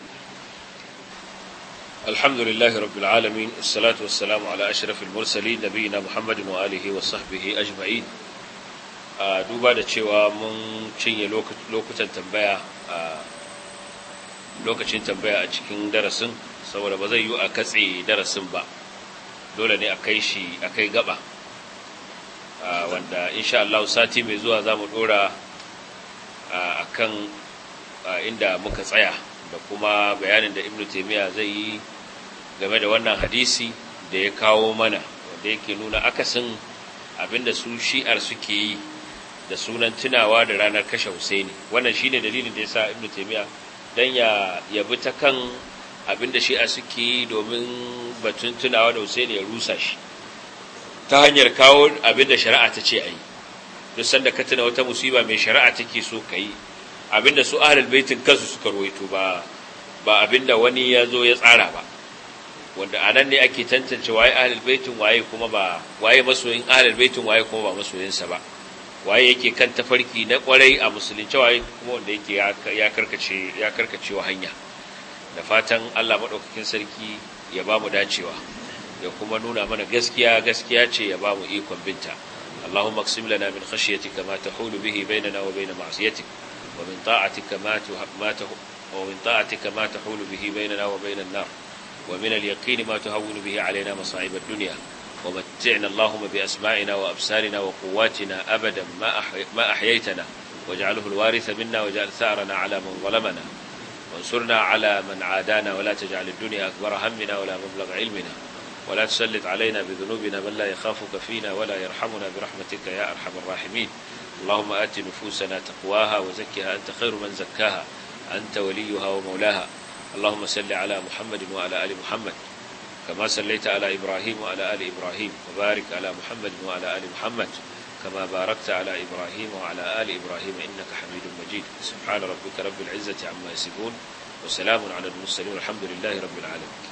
alhamdulillah rabbil alamin assalatu wassalamu ala ashrafil mursalin nabiyina Muhammadin wa alihi wa sahbihi ajma'in duba da cewa mun cinye lokutan tambaya lokacin tambaya a cikin darasin saboda ba zai yi a katse darasin ba dole ne a kai shi a kai gaba wanda insha Allah sati mai zuwa za mu dora a kan inda muka tsaya da kuma bayanin da ibnu taimiyya zai yi game da wannan hadisi da ya kawo mana wanda yake nuna akasin abinda su shi'ar suke yi da sunan tunawa da ranar kashe husaini wannan shine dalilin da ya sa ibnu taimiyya don ya bi ta kan abin abinda a suke yi domin batun tunawa da Hussein ya rusa shi ta hanyar kawo abin da shari'a ta ce a yi duk sanda ka tuna wata musiba mai shari'a take so ka yi Abin da su ahlul baitin kansu suka roito ba ba da wani ya zo ya tsara ba wanda anan ne ake tantance waye ahlul baitin waye kuma ba waye masoyin baitin waye kuma ba masoyinsa ba waye yake kan tafarki na kwarai a musulunci waye kuma wanda yake ya karkace ya karkace wa hanya da fatan Allah madaukakin sarki ya ba mu dacewa ya kuma nuna mana gaskiya gaskiya ce ya ba mu ikon binta اللهم اقسم لنا من خشيتك ما تحول به بيننا وبين معصيتك ومن طاعتك ما ومن طاعتك ما تحول به بيننا وبين النار ومن اليقين ما تهون به علينا مصائب الدنيا ومتعنا اللهم بأسمائنا وأبصارنا وقواتنا أبدا ما, أحي... ما أحييتنا واجعله الوارث منا واجعل ثأرنا على من ظلمنا وانصرنا على من عادانا ولا تجعل الدنيا أكبر همنا ولا مبلغ علمنا ولا تسلط علينا بذنوبنا من لا يخافك فينا ولا يرحمنا برحمتك يا أرحم الراحمين اللهم آت نفوسنا تقواها وزكها أنت خير من زكاها أنت وليها ومولاها اللهم صل على محمد وعلى آل محمد كما صليت على إبراهيم وعلى آل إبراهيم وبارك على محمد وعلى آل محمد كما باركت على إبراهيم وعلى آل إبراهيم إنك حميد مجيد سبحان ربك رب العزة عما يصفون وسلام على المرسلين والحمد لله رب العالمين